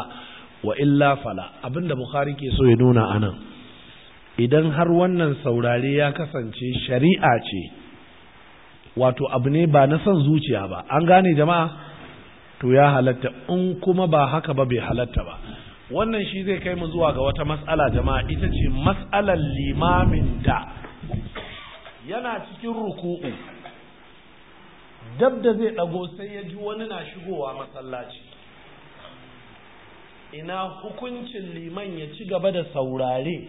wa illa fala abinda bukhari ke so ya nuna anan idan har wannan saurare ya kasance shari'a ce wato abu ne ba na son zuciya ba an gane jama'a to ya halatta in kuma ba haka ba bai halatta ba wannan shi zai kai mu zuwa ga wata mas'ala jama'a ita ce matsalar limamin da yana cikin ruku'u dab da zai ɗago sai ya ji wani na shigowa masallaci ina hukuncin liman ya ci gaba da saurare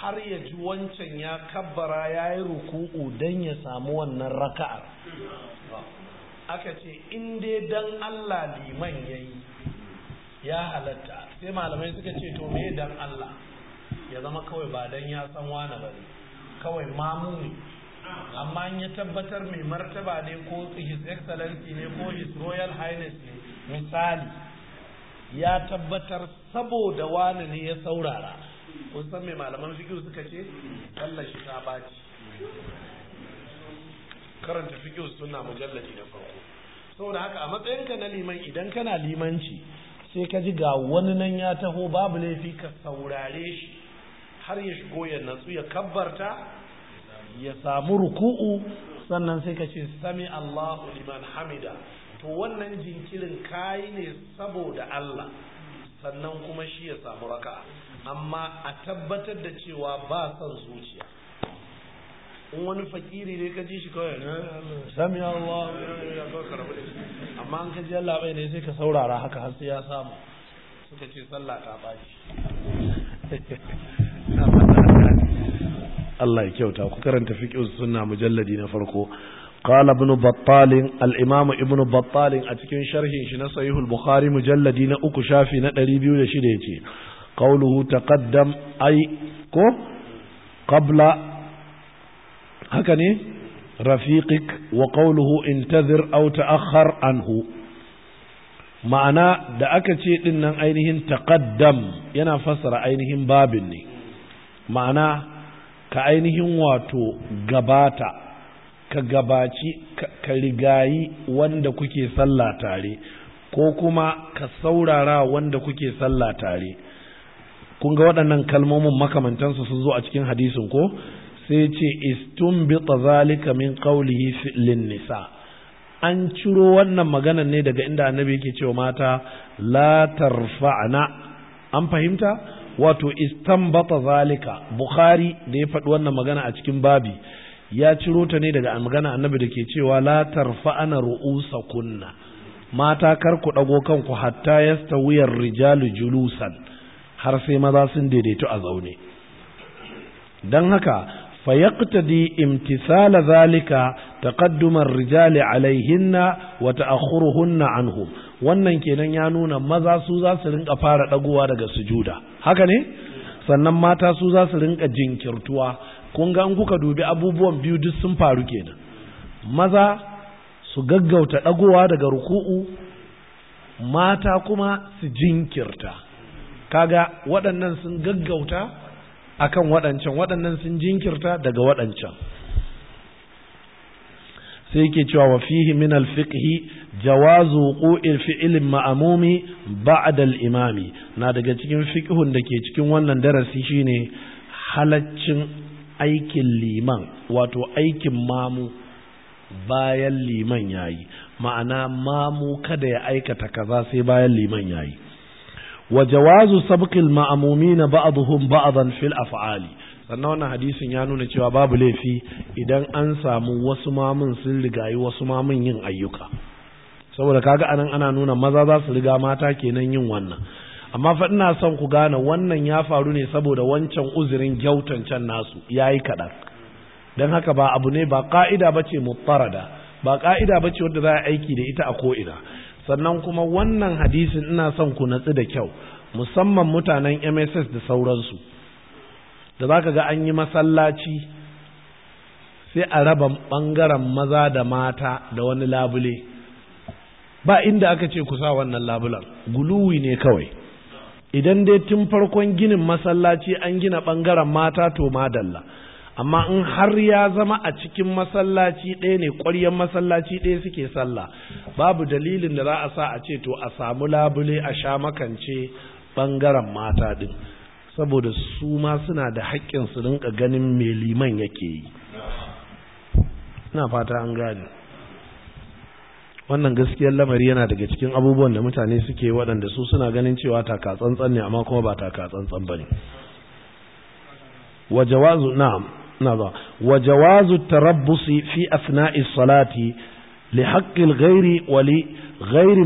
har ya ji wancan ya kabbara ya yi ruku'u don ya samu wannan raka'ar aka ce in dai don Allah liman ya yi ya halatta sai malamai suka ce to me don Allah ya zama kawai ba don ya san wane ba ne kawai mamu ne amma ya tabbatar mai martaba ne ko his excellency ne ko his royal highness ne misali ya tabbatar saboda wani ne ya saurara kun san mai malaman fikihu suka ce Allah shi ta baci karanta fikihu suna mujallati da farko saboda haka a matsayinka na liman idan kana limanci sai ka ji ga wani nan ya taho babu laifi ka saurare shi har ya shigo ya natsu ya kabbarta ya samu ruku'u sannan sai ka ce sami Allahu liman hamida to wannan jinkirin kayi ne saboda Allah sannan kuma shi ya samu raka amma a tabbatar da cewa ba son zuciya in wani fakiri ne ka ji shi kawai sami Allah amma an ka ji Allah bai ne sai ka saurara haka har sai ya samu suka ce sallah ta baci (laughs) Allah ya kyauta ku karanta fiqh sunna mujalladi na farko qala ibn battal al imam ibn a cikin sharhin shi na sahihul bukhari mujalladi na uku shafi na 206 yace qawluhu taqaddam ay ko qabla haka ne rafiqik wa qawluhu intazir aw ta'akhkhar anhu ma'ana da aka ce din nan ainihin takaddam, yana fassara ainihin babin ne ma'ana ka ainihin wato gabata ka gabaci ka rigayi wanda kuke sallah tare ko kuma ka saurara wanda kuke sallah tare kun ga waɗannan kalmomin makamantansu sun zo a cikin hadisin ko sai ce bi zalika min qawlihi filin nisa an ciro wannan magana ne daga inda annabi yake cewa mata la tarfa'na an fahimta wato istanbata zalika bukhari da ya faɗi wannan magana a cikin babi ya ciro ta ne daga magana annabi da ke cewa la tarfa'ana ru'usakunna mata kar ku dago kanku hatta wuyar rijalu julusan har sai maza sun daidaito a zaune dan haka fayaqtadi imtisala zalika taqaddumar rijali alaihinna wa ta'akhuruhunna anhu, wannan kenan ya nuna maza su za su rinka fara dagowa daga sujuda haka ne sannan mata su za su rinka jinkirtuwa kun ga kuka dubi abubuwan biyu duk sun faru kenan maza su gaggauta dagowa daga ruku'u mata kuma su jinkirta kaga waɗannan sun gaggauta akan waɗancan waɗannan sun jinkirta daga waɗancan sai yake cewa wa fihi min alfiqhi jawazu wuqu'il fi'ilin ma'amumi ba'da imami na daga cikin fiqhun da ke cikin wannan darasi shine halaccin aikin liman wato aikin mamu bayan liman yayi ma'ana mamu kada ya aikata kaza sai bayan liman yayi wa jawazu sabqil ma'amumina ba'dhum ba'dan fil af'ali sannan wannan hadisin ya nuna cewa babu laifi idan an samu wasu mamun sun rigayi wasu mamun yin ayyuka saboda kaga anan ana nuna maza za su riga mata kenan yin wannan amma fa ina son ku gane wannan ya faru ne saboda wancan uzurin gyautan can nasu yayi kaɗan dan haka ba abu ne ba ka'ida bace mutarada ba ka'ida ba ce wadda za a aiki da ita a ko'ina sannan kuma wannan hadisin ina son ku natsu da kyau musamman mutanen mss da sauransu da za ka ga an yi masallaci sai a raba ɓangaren maza da mata da wani labule ba inda aka ce ku sa wannan labulan guluwi ne kawai idan dai tun farkon ginin masallaci an gina ɓangaren mata to madalla amma in har ya zama a cikin masallaci ɗaya ne ƙwaryen masallaci ɗaya suke sallah babu dalilin da za a sa a ce to a samu labule a sha makance ɓangaren mata ɗin saboda su ma suna da haƙƙin su rinka ganin mai liman yake yi ina fata an gane wannan gaskiyar lamari yana daga cikin abubuwan da mutane suke waɗanda su suna ganin cewa taka tsantsan ne amma kuma ba taka tsantsan ba ne. wa jawazu tarabbusi fi asna'i salati li haqqi gairi wali gairi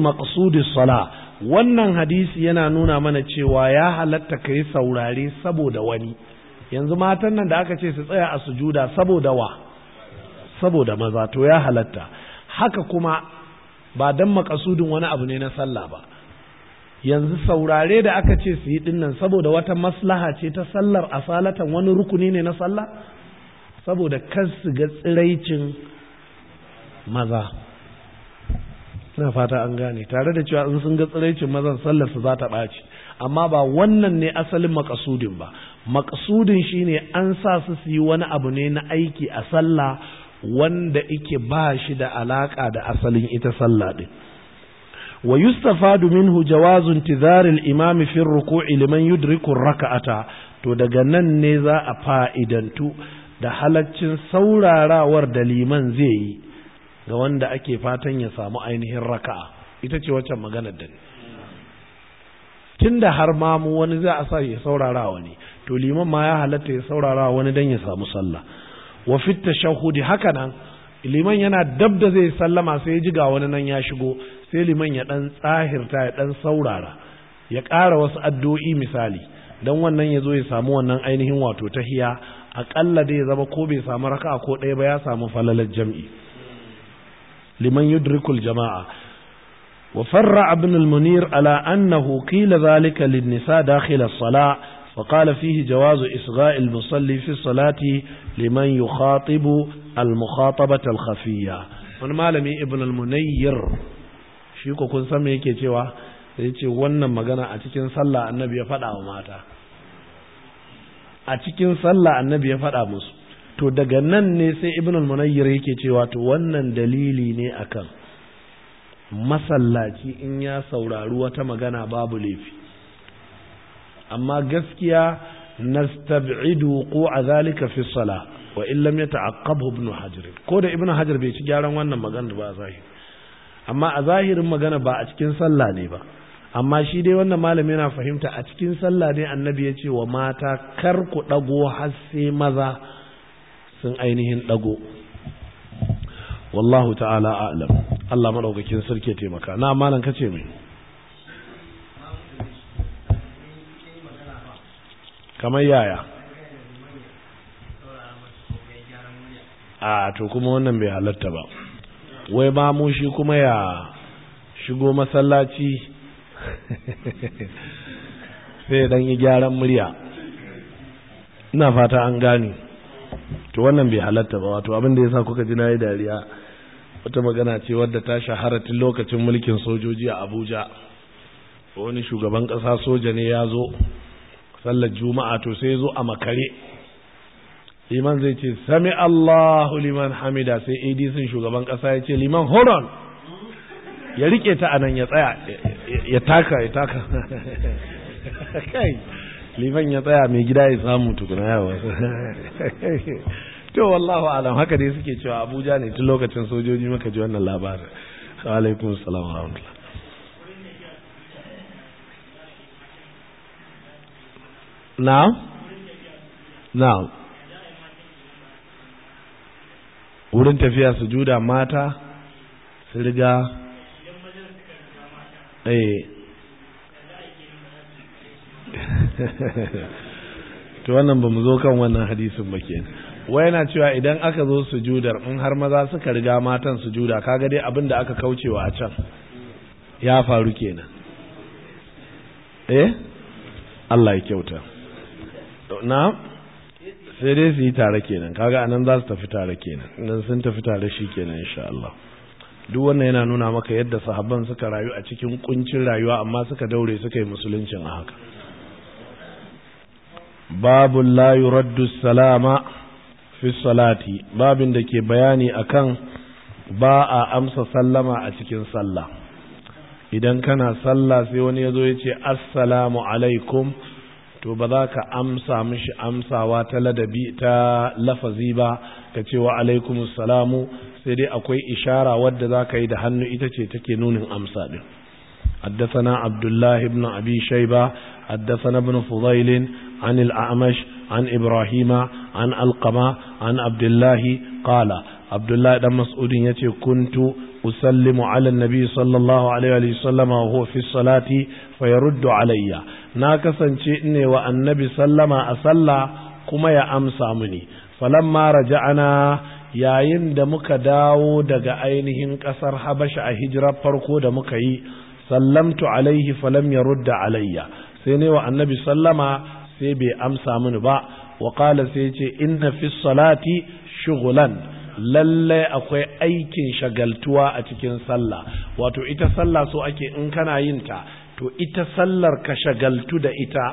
li sala wannan hadisi yana nuna mana cewa ya halatta ka yi saurare saboda wani yanzu matan nan da aka ce su tsaya a sujuda saboda wa saboda maza to ya halatta haka kuma ba dan makasudin wani abu ne na sallah ba yanzu saurare da aka ce su yi dinnan saboda wata maslaha ce ta sallar asalatan wani rukuni ne na sallah saboda kar su ga tsiraicin maza na fata an gane tare da cewa in sun ga tsiraicin mazan sallar su za ta ɓaci amma ba wannan ne asalin makasudin ba makasudin shine an sa su su yi wani abu ne na aiki a sallah wanda ike ba shi da alaƙa da asalin ita sallah din wa yustafadu minhu jawazun tidharil imam fi ruku liman yudriku raka'ata to daga nan ne za a fa'idantu da halaccin saurarawar da liman zai yi ga wanda ake fatan ya samu ainihin raka'a ita ce waccan maganar da tunda har ma mu wani za a sa ya saurara wani to liman ma ya halatta ya saurara wani dan ya samu sallah wa fit tashahhudi haka nan liman yana dab da zai sallama sai ya ji ga wani nan ya shigo sai liman ya dan tsahirta ya dan saurara ya ƙara wasu addu'o'i misali dan wannan ya zo ya samu wannan ainihin wato tahiya aƙalla dai ya zama ko bai samu raka ko ɗaya ba ya samu falalar jam'i liman yudrikul jama'a wa farra ibn al-munir ala annahu qila zalika lin-nisa dakhil as-sala وقال فيه جواز إصغاء المصلي في الصلاة لمن يخاطب المخاطبة الخفية wani malami ibn al shi ko kun san me yake cewa da yace wannan magana a cikin sallah annabi ya faɗa mata a cikin sallah annabi ya faɗa musu to daga nan ne sai ibn al-munayyir yake cewa to wannan dalili ne akan masallaci in ya saurari wata magana babu laifi amma gaskiya nastab'idu wuqu'u zalika fi salah wa in lam yata'aqqabhu ibn hajar ko da ibn hajar bai ci gyaran wannan magana ba a zahiri amma a zahirin magana ba a cikin sallah ne ba amma shi dai wannan malami yana fahimta a cikin sallah ne annabi ya ce wa mata kar ku dago har sai maza sun ainihin dago wallahu ta'ala a'lam Allah madaukakin sarki ya taimaka na malam kace mai kamar yaya a to kuma wannan bai halatta ba wai ba mu shi kuma ya shigo masallaci (laughs) sai dan yi gyaran murya ina fata an gani. to wannan bai halatta ba wato abin da yasa kuka ji nayi dariya wata magana ce wadda ta shahara tun lokacin mulkin sojoji a Abuja wani shugaban ƙasa soja ne ya zo sallar juma'a to sai zo a makare liman zai ce sami Allahu liman hamida sai ADC shugaban kasa ya ce liman horon ya rike ta anan ya tsaya ya taka ya taka (laughs) kai liman ya tsaya mai gida ya samu tukuna yawa (laughs) to wallahu alam haka dai suke cewa Abuja ne tun lokacin sojoji muka ji wannan labarin alaikum na'am na'am wurin tafiya sujuda mata su riga eh (laughs) to wannan ba mu zo kan wannan hadisin ba ke wai yana cewa idan aka zo sujudar in har maza suka riga matan sujuda kaga dai abin da aka kaucewa a can ya faru kenan eh Allah ya kyauta na sai dai su yi tare kenan kaga anan za su tafi tare kenan nan sun tafi tare shi kenan insha Allah duk wannan yana nuna maka yadda sahabban suka rayu a cikin kuncin rayuwa amma suka daure suka yi musuluncin a haka babu la yuraddu salama fi salati babin da ke bayani akan ba a amsa sallama a cikin sallah idan kana sallah sai wani ya zo ya ce assalamu alaikum to ba za ka amsa mishi amsawa ta ladabi ta lafazi ba ka ce wa alaikumus salamu sai dai akwai ishara wadda za ka yi da hannu ita ce take nunin amsa din حدثنا عبد الله بن أبي شيبة حدثنا ابن فضيل عن الأعمش عن إبراهيم عن القمة عن عبد الله قال عبد الله بن مسعود يتي كنت أسلم على النبي صلى الله عليه وسلم وهو في الصلاة فيرد علي na kasance ne wa annabi sallama a sallah kuma ya amsa mini falamma raja'ana yayin da muka dawo daga ainihin kasar habasha a hijira farko da muka yi sallamtu alaihi falam ya rudda alayya sai ne wa annabi sallama sai bai amsa mini ba wa qala sai ce inna fi salati shughlan lalle akwai aikin shagaltuwa a cikin sallah wato ita sallah so ake in kana yin ta to ita sallar ka shagaltu da ita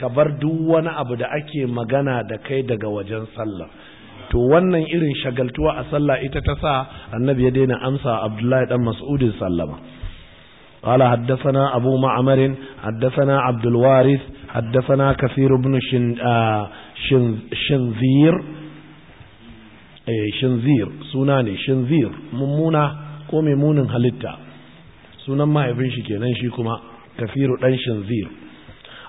ka bar duk wani abu da ake magana da kai daga wajen sallar to wannan irin shagaltuwa a sallah ita ta sa annabi ya daina amsa abdullahi dan mas'udin sallama قال حدثنا أبو معمر حدثنا عبد الوارث حدثنا كثير بن شن شن شنذير شنذير سناني شنذير ممونة قومي مون هلتا سنان ما يبين شي Kafiru ɗan shinzir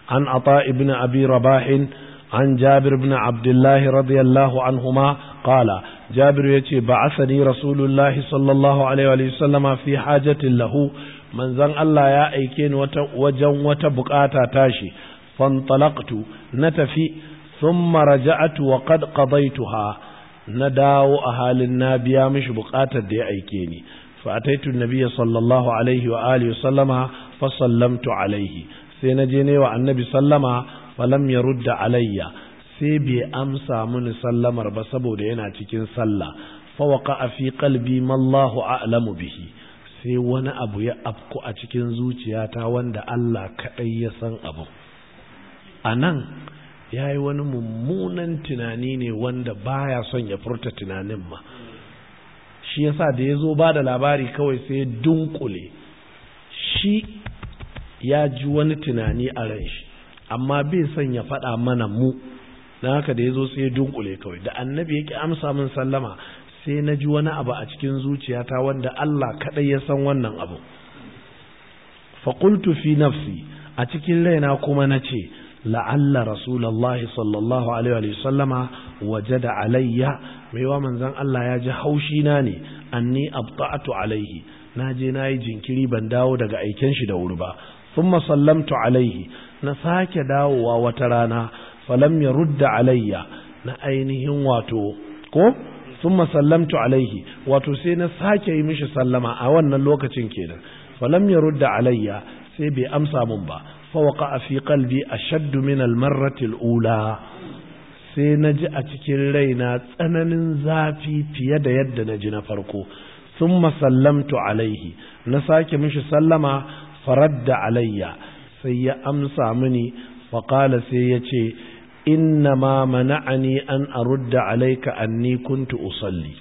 an ata ibn abi rabahin an jabir ibn abdullahi radiyallahu anhuma qala jabir yace ba'athani rasulullahi sallallahu alaihi wa sallama fi hajatin lahu manzon Allah ya aike ni wajen wata buƙata tashi fantalaqtu na tafi thumma raja'tu wa qad qadaytuha na dawo a halin na biya mishi buƙatar da ya aike ni fa ataitu sallallahu alaihi wa alihi fasallamtu alaihi sai na je ne wa annabi sallama falam ya rudda alayya sai bai amsa mini sallamar ba saboda yana cikin sallah fa waqa fi qalbi mallahu a'lamu bihi sai wani abu ya afku a cikin zuciyata wanda Allah kaɗai ya san abu a nan ya yi wani mummunan tunani ne wanda baya son ya furta tunanin ma shi yasa da ya zo ba da labari kawai sai dunkule shi ya ji wani tunani a ran shi amma bai son ya faɗa mana mu na haka da ya zo sai ya dunkule kawai da annabi ya amsa min sallama sai na ji wani abu a cikin zuciyata wanda Allah kaɗai ya san wannan abu faƙultu fi nafsi a cikin raina kuma na ce la'alla Rasulallah sallallahu alaihi wa sallama waje da alayya wa manzan Allah ya ji haushi na ne anni abta'atu alaihi na je na yi jinkiri ban dawo daga aiken shi da wuri ba thumma sallamtu alaihi na sake dawowa wata rana falam ya alayya na ainihin wato ko thumma sallamtu alaihi wato sai na sake yi mishi sallama a wannan lokacin kenan falam ya alayya sai bai amsa mun ba fa a fi qalbi ashaddu min al-marrati al-ula sai na ji a cikin raina tsananin zafi fiye da yadda na ji na farko sun masallamtu alaihi na sake mishi sallama faradda alayya sai ya amsa mini faƙala sai ya ce inna ma mana'ani an arudda alayka anni kuntu usalli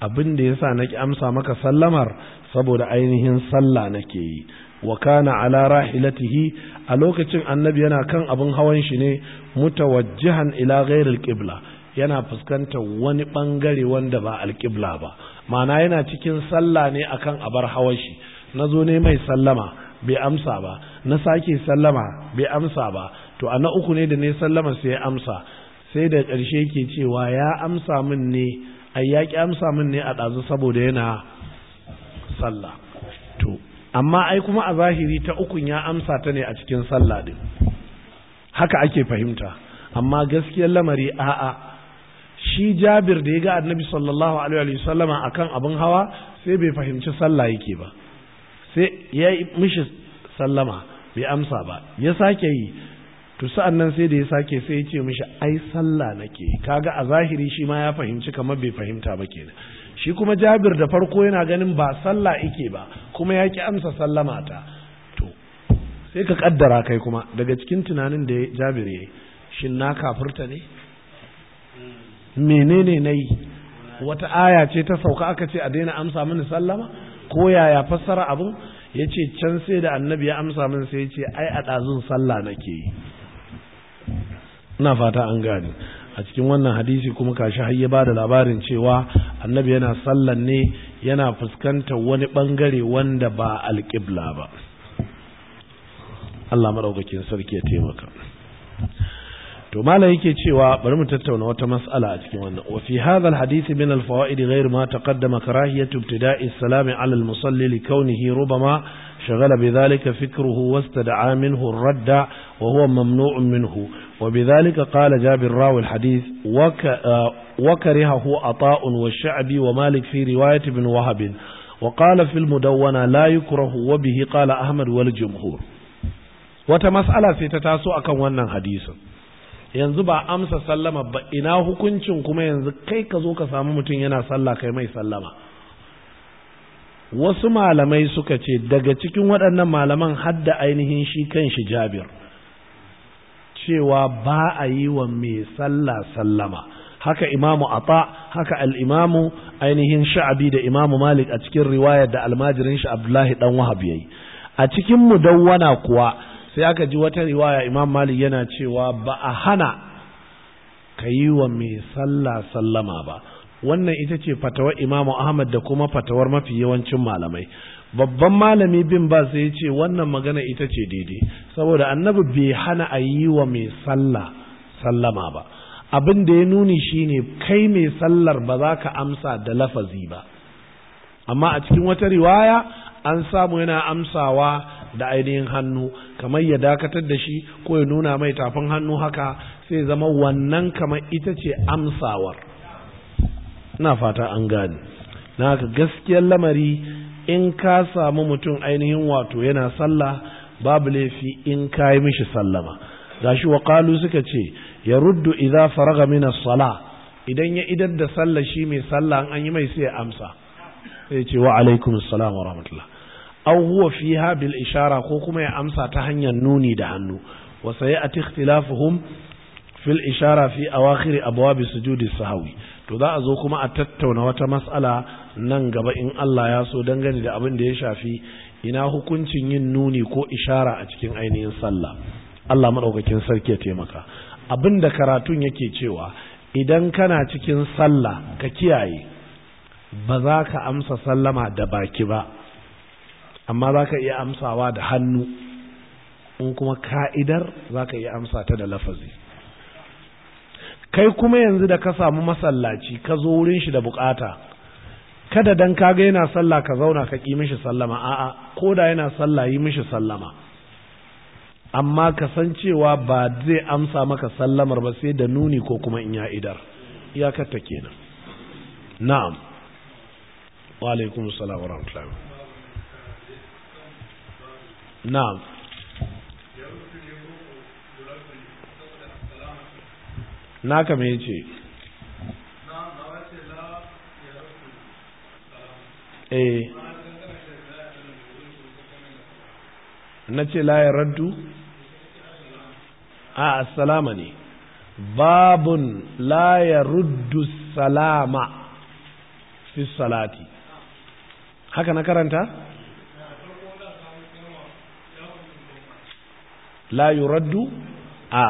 abin da yasa naki amsa maka sallamar saboda ainihin sallah nake yi wa kana ala rahilatihi a lokacin annabi yana kan abin hawan shi ne mutawajjihan ila ghairil qibla yana fuskantar wani bangare wanda ba alqibla ba ma'ana yana cikin sallah ne akan abar hawan shi na zo ne mai sallama bai amsa ba na sake sallama bai amsa ba to a na uku ne da ne sallama sai ya amsa sai da ƙarshe ke cewa ya amsa min ne a ya ki amsa min ne a ɗazu saboda yana salla, to amma ai kuma a zahiri ta ukun ya amsa ta ne a cikin salla din haka ake fahimta amma gaskiyar lamari a'a shi jabir da ya ga annabi sallallahu alaihi wasallama akan abin hawa sai bai fahimci sallah yake ba sai ya yi mishi sallama bai amsa ba ya sake yi to sa'an nan sai da ya sake sai ya ce mishi ai sallah nake kaga a zahiri shi ma ya fahimci kamar bai fahimta ba kenan shi kuma jabir da farko yana ganin ba sallah ike ba kuma ya ki amsa sallama ta to sai ka kaddara kai kuma daga cikin tunanin da jabir ya yi shin na kafurta ne menene na yi wata aya ce ta sauka aka ce a daina amsa mini sallama ko yaya fassara abin ya ce can sai da annabi ya amsa min sai ya ce ai a ɗazun sallah nake yi ina fata an gane a cikin wannan hadisi kuma kashi har ya da labarin cewa annabi yana sallan ne yana fuskantar wani bangare wanda ba alƙibla ba Allah maɗaukakin sarki ya taimaka to mala yake cewa bari mu tattauna wata mas'ala a cikin wannan wa fi hadha al hadith min al fawaid ghayr ma taqaddama karahiyatu ibtida'i as-salam 'ala al musalli li kawnihi rubama shaghala bi dhalika fikruhu wastada'a minhu ar-radd wa huwa mamnu'un minhu wa bi dhalika qala jabir rawi al hadith wa wa وكرهه عطاء والشعبي ومالك في رواية ابن وهب وقال في Ahmad لا يكره Wata mas'ala sai ta taso akan wannan hadisin yanzu ba amsa sallama ba ina hukuncin kuma yanzu kai ka zo ka samu mutum yana sallah kai mai sallama wasu malamai suka ce daga cikin waɗannan malaman hadda ainihin shi kan shi jabir cewa ba a yi wa mai sallah sallama haka imamu ata haka al'imamu ainihin sha'abi da imamu malik a cikin riwayar da almajirin shi abdullahi ɗan wahab yayi a cikin mudawwana kuwa sai aka ji wata riwaya imam malik yana cewa ba a hana ka yi wa mai sallah sallama ba wannan ita ce fatawar Imam ahmad da kuma fatawar mafi yawancin malamai babban malami bin ba sai ce wannan magana ita ce daidai saboda annabi bai hana a yi wa mai sallah sallama ba abin da ya nuni shine kai mai sallar ba za ka amsa da lafazi ba amma a cikin wata riwaya an samu yana amsawa da ainihin hannu kamar ya dakatar da shi ko ya nuna mai tafin hannu haka sai zama wannan kamar ita ce amsawar ina fata an gani na haka gaskiyar lamari in ka samu mutum ainihin wato yana sallah babu laifi in ka yi mishi sallama gashi wa kalu suka ce ya ruddu idza faraga min as-sala idan ya idar da sallah shi mai sallah an yi mai sai amsa sai ce wa alaikum wa rahmatullah aw huwa fiha bil ishara ko kuma ya amsa ta hanyar nuni da hannu wa sayati ikhtilafuhum fil ishara fi awakhir abwab sujud sahwi to za a zo kuma a tattauna wata mas'ala nan gaba in Allah ya so dangane da abin da ya shafi ina hukuncin yin nuni ko ishara a cikin ainihin sallah Allah madaukakin sarki ya taimaka abin da karatun yake cewa idan kana cikin sallah ka kiyaye ba za ka amsa sallama da baki ba amma za ka iya amsawa da hannu in kuma ka'idar za ka iya amsa ta da lafazi kai kuma yanzu da ka samu masallaci ka zo wurin shi da bukata kada dan kaga yana sallah ka zauna ka ƙi mishi sallama a'a ko da yana sallah yi mishi sallama amma ka san cewa ba zai amsa maka sallamar ba sai da nuni ko kuma in ya iyakar ta kenan na'am wa alaikum salam wa rahmatullahi na'am naka me yace eh na ce la ya raddu ah, salama ne babun la ya ruddu salama fi salati haka na karanta la yuraddu a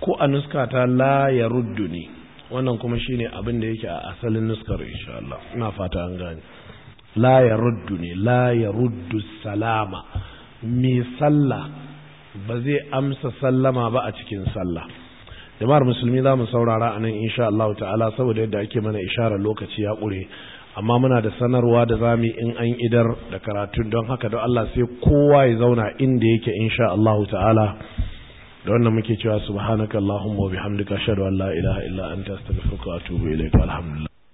ko a nuska ta la ya ne wannan kuma shine abin da yake a asalin nuskar insha Allah ina fata an gane la ya ne la ya salama mi sallah ba zai amsa sallama ba a cikin sallah jama'ar musulmi za mu saurara a nan insha Allah ta'ala saboda yadda ake mana isharar lokaci ya ƙure amma muna da sanarwa da zami in an idar da karatun don haka don Allah sai kowa ya zauna inda yake insha Allahu ta'ala da wannan muke cewa subhanakallahumma wa bihamdika ashhadu an la ilaha illa anta astaghfiruka wa atubu ilayk alhamdulillah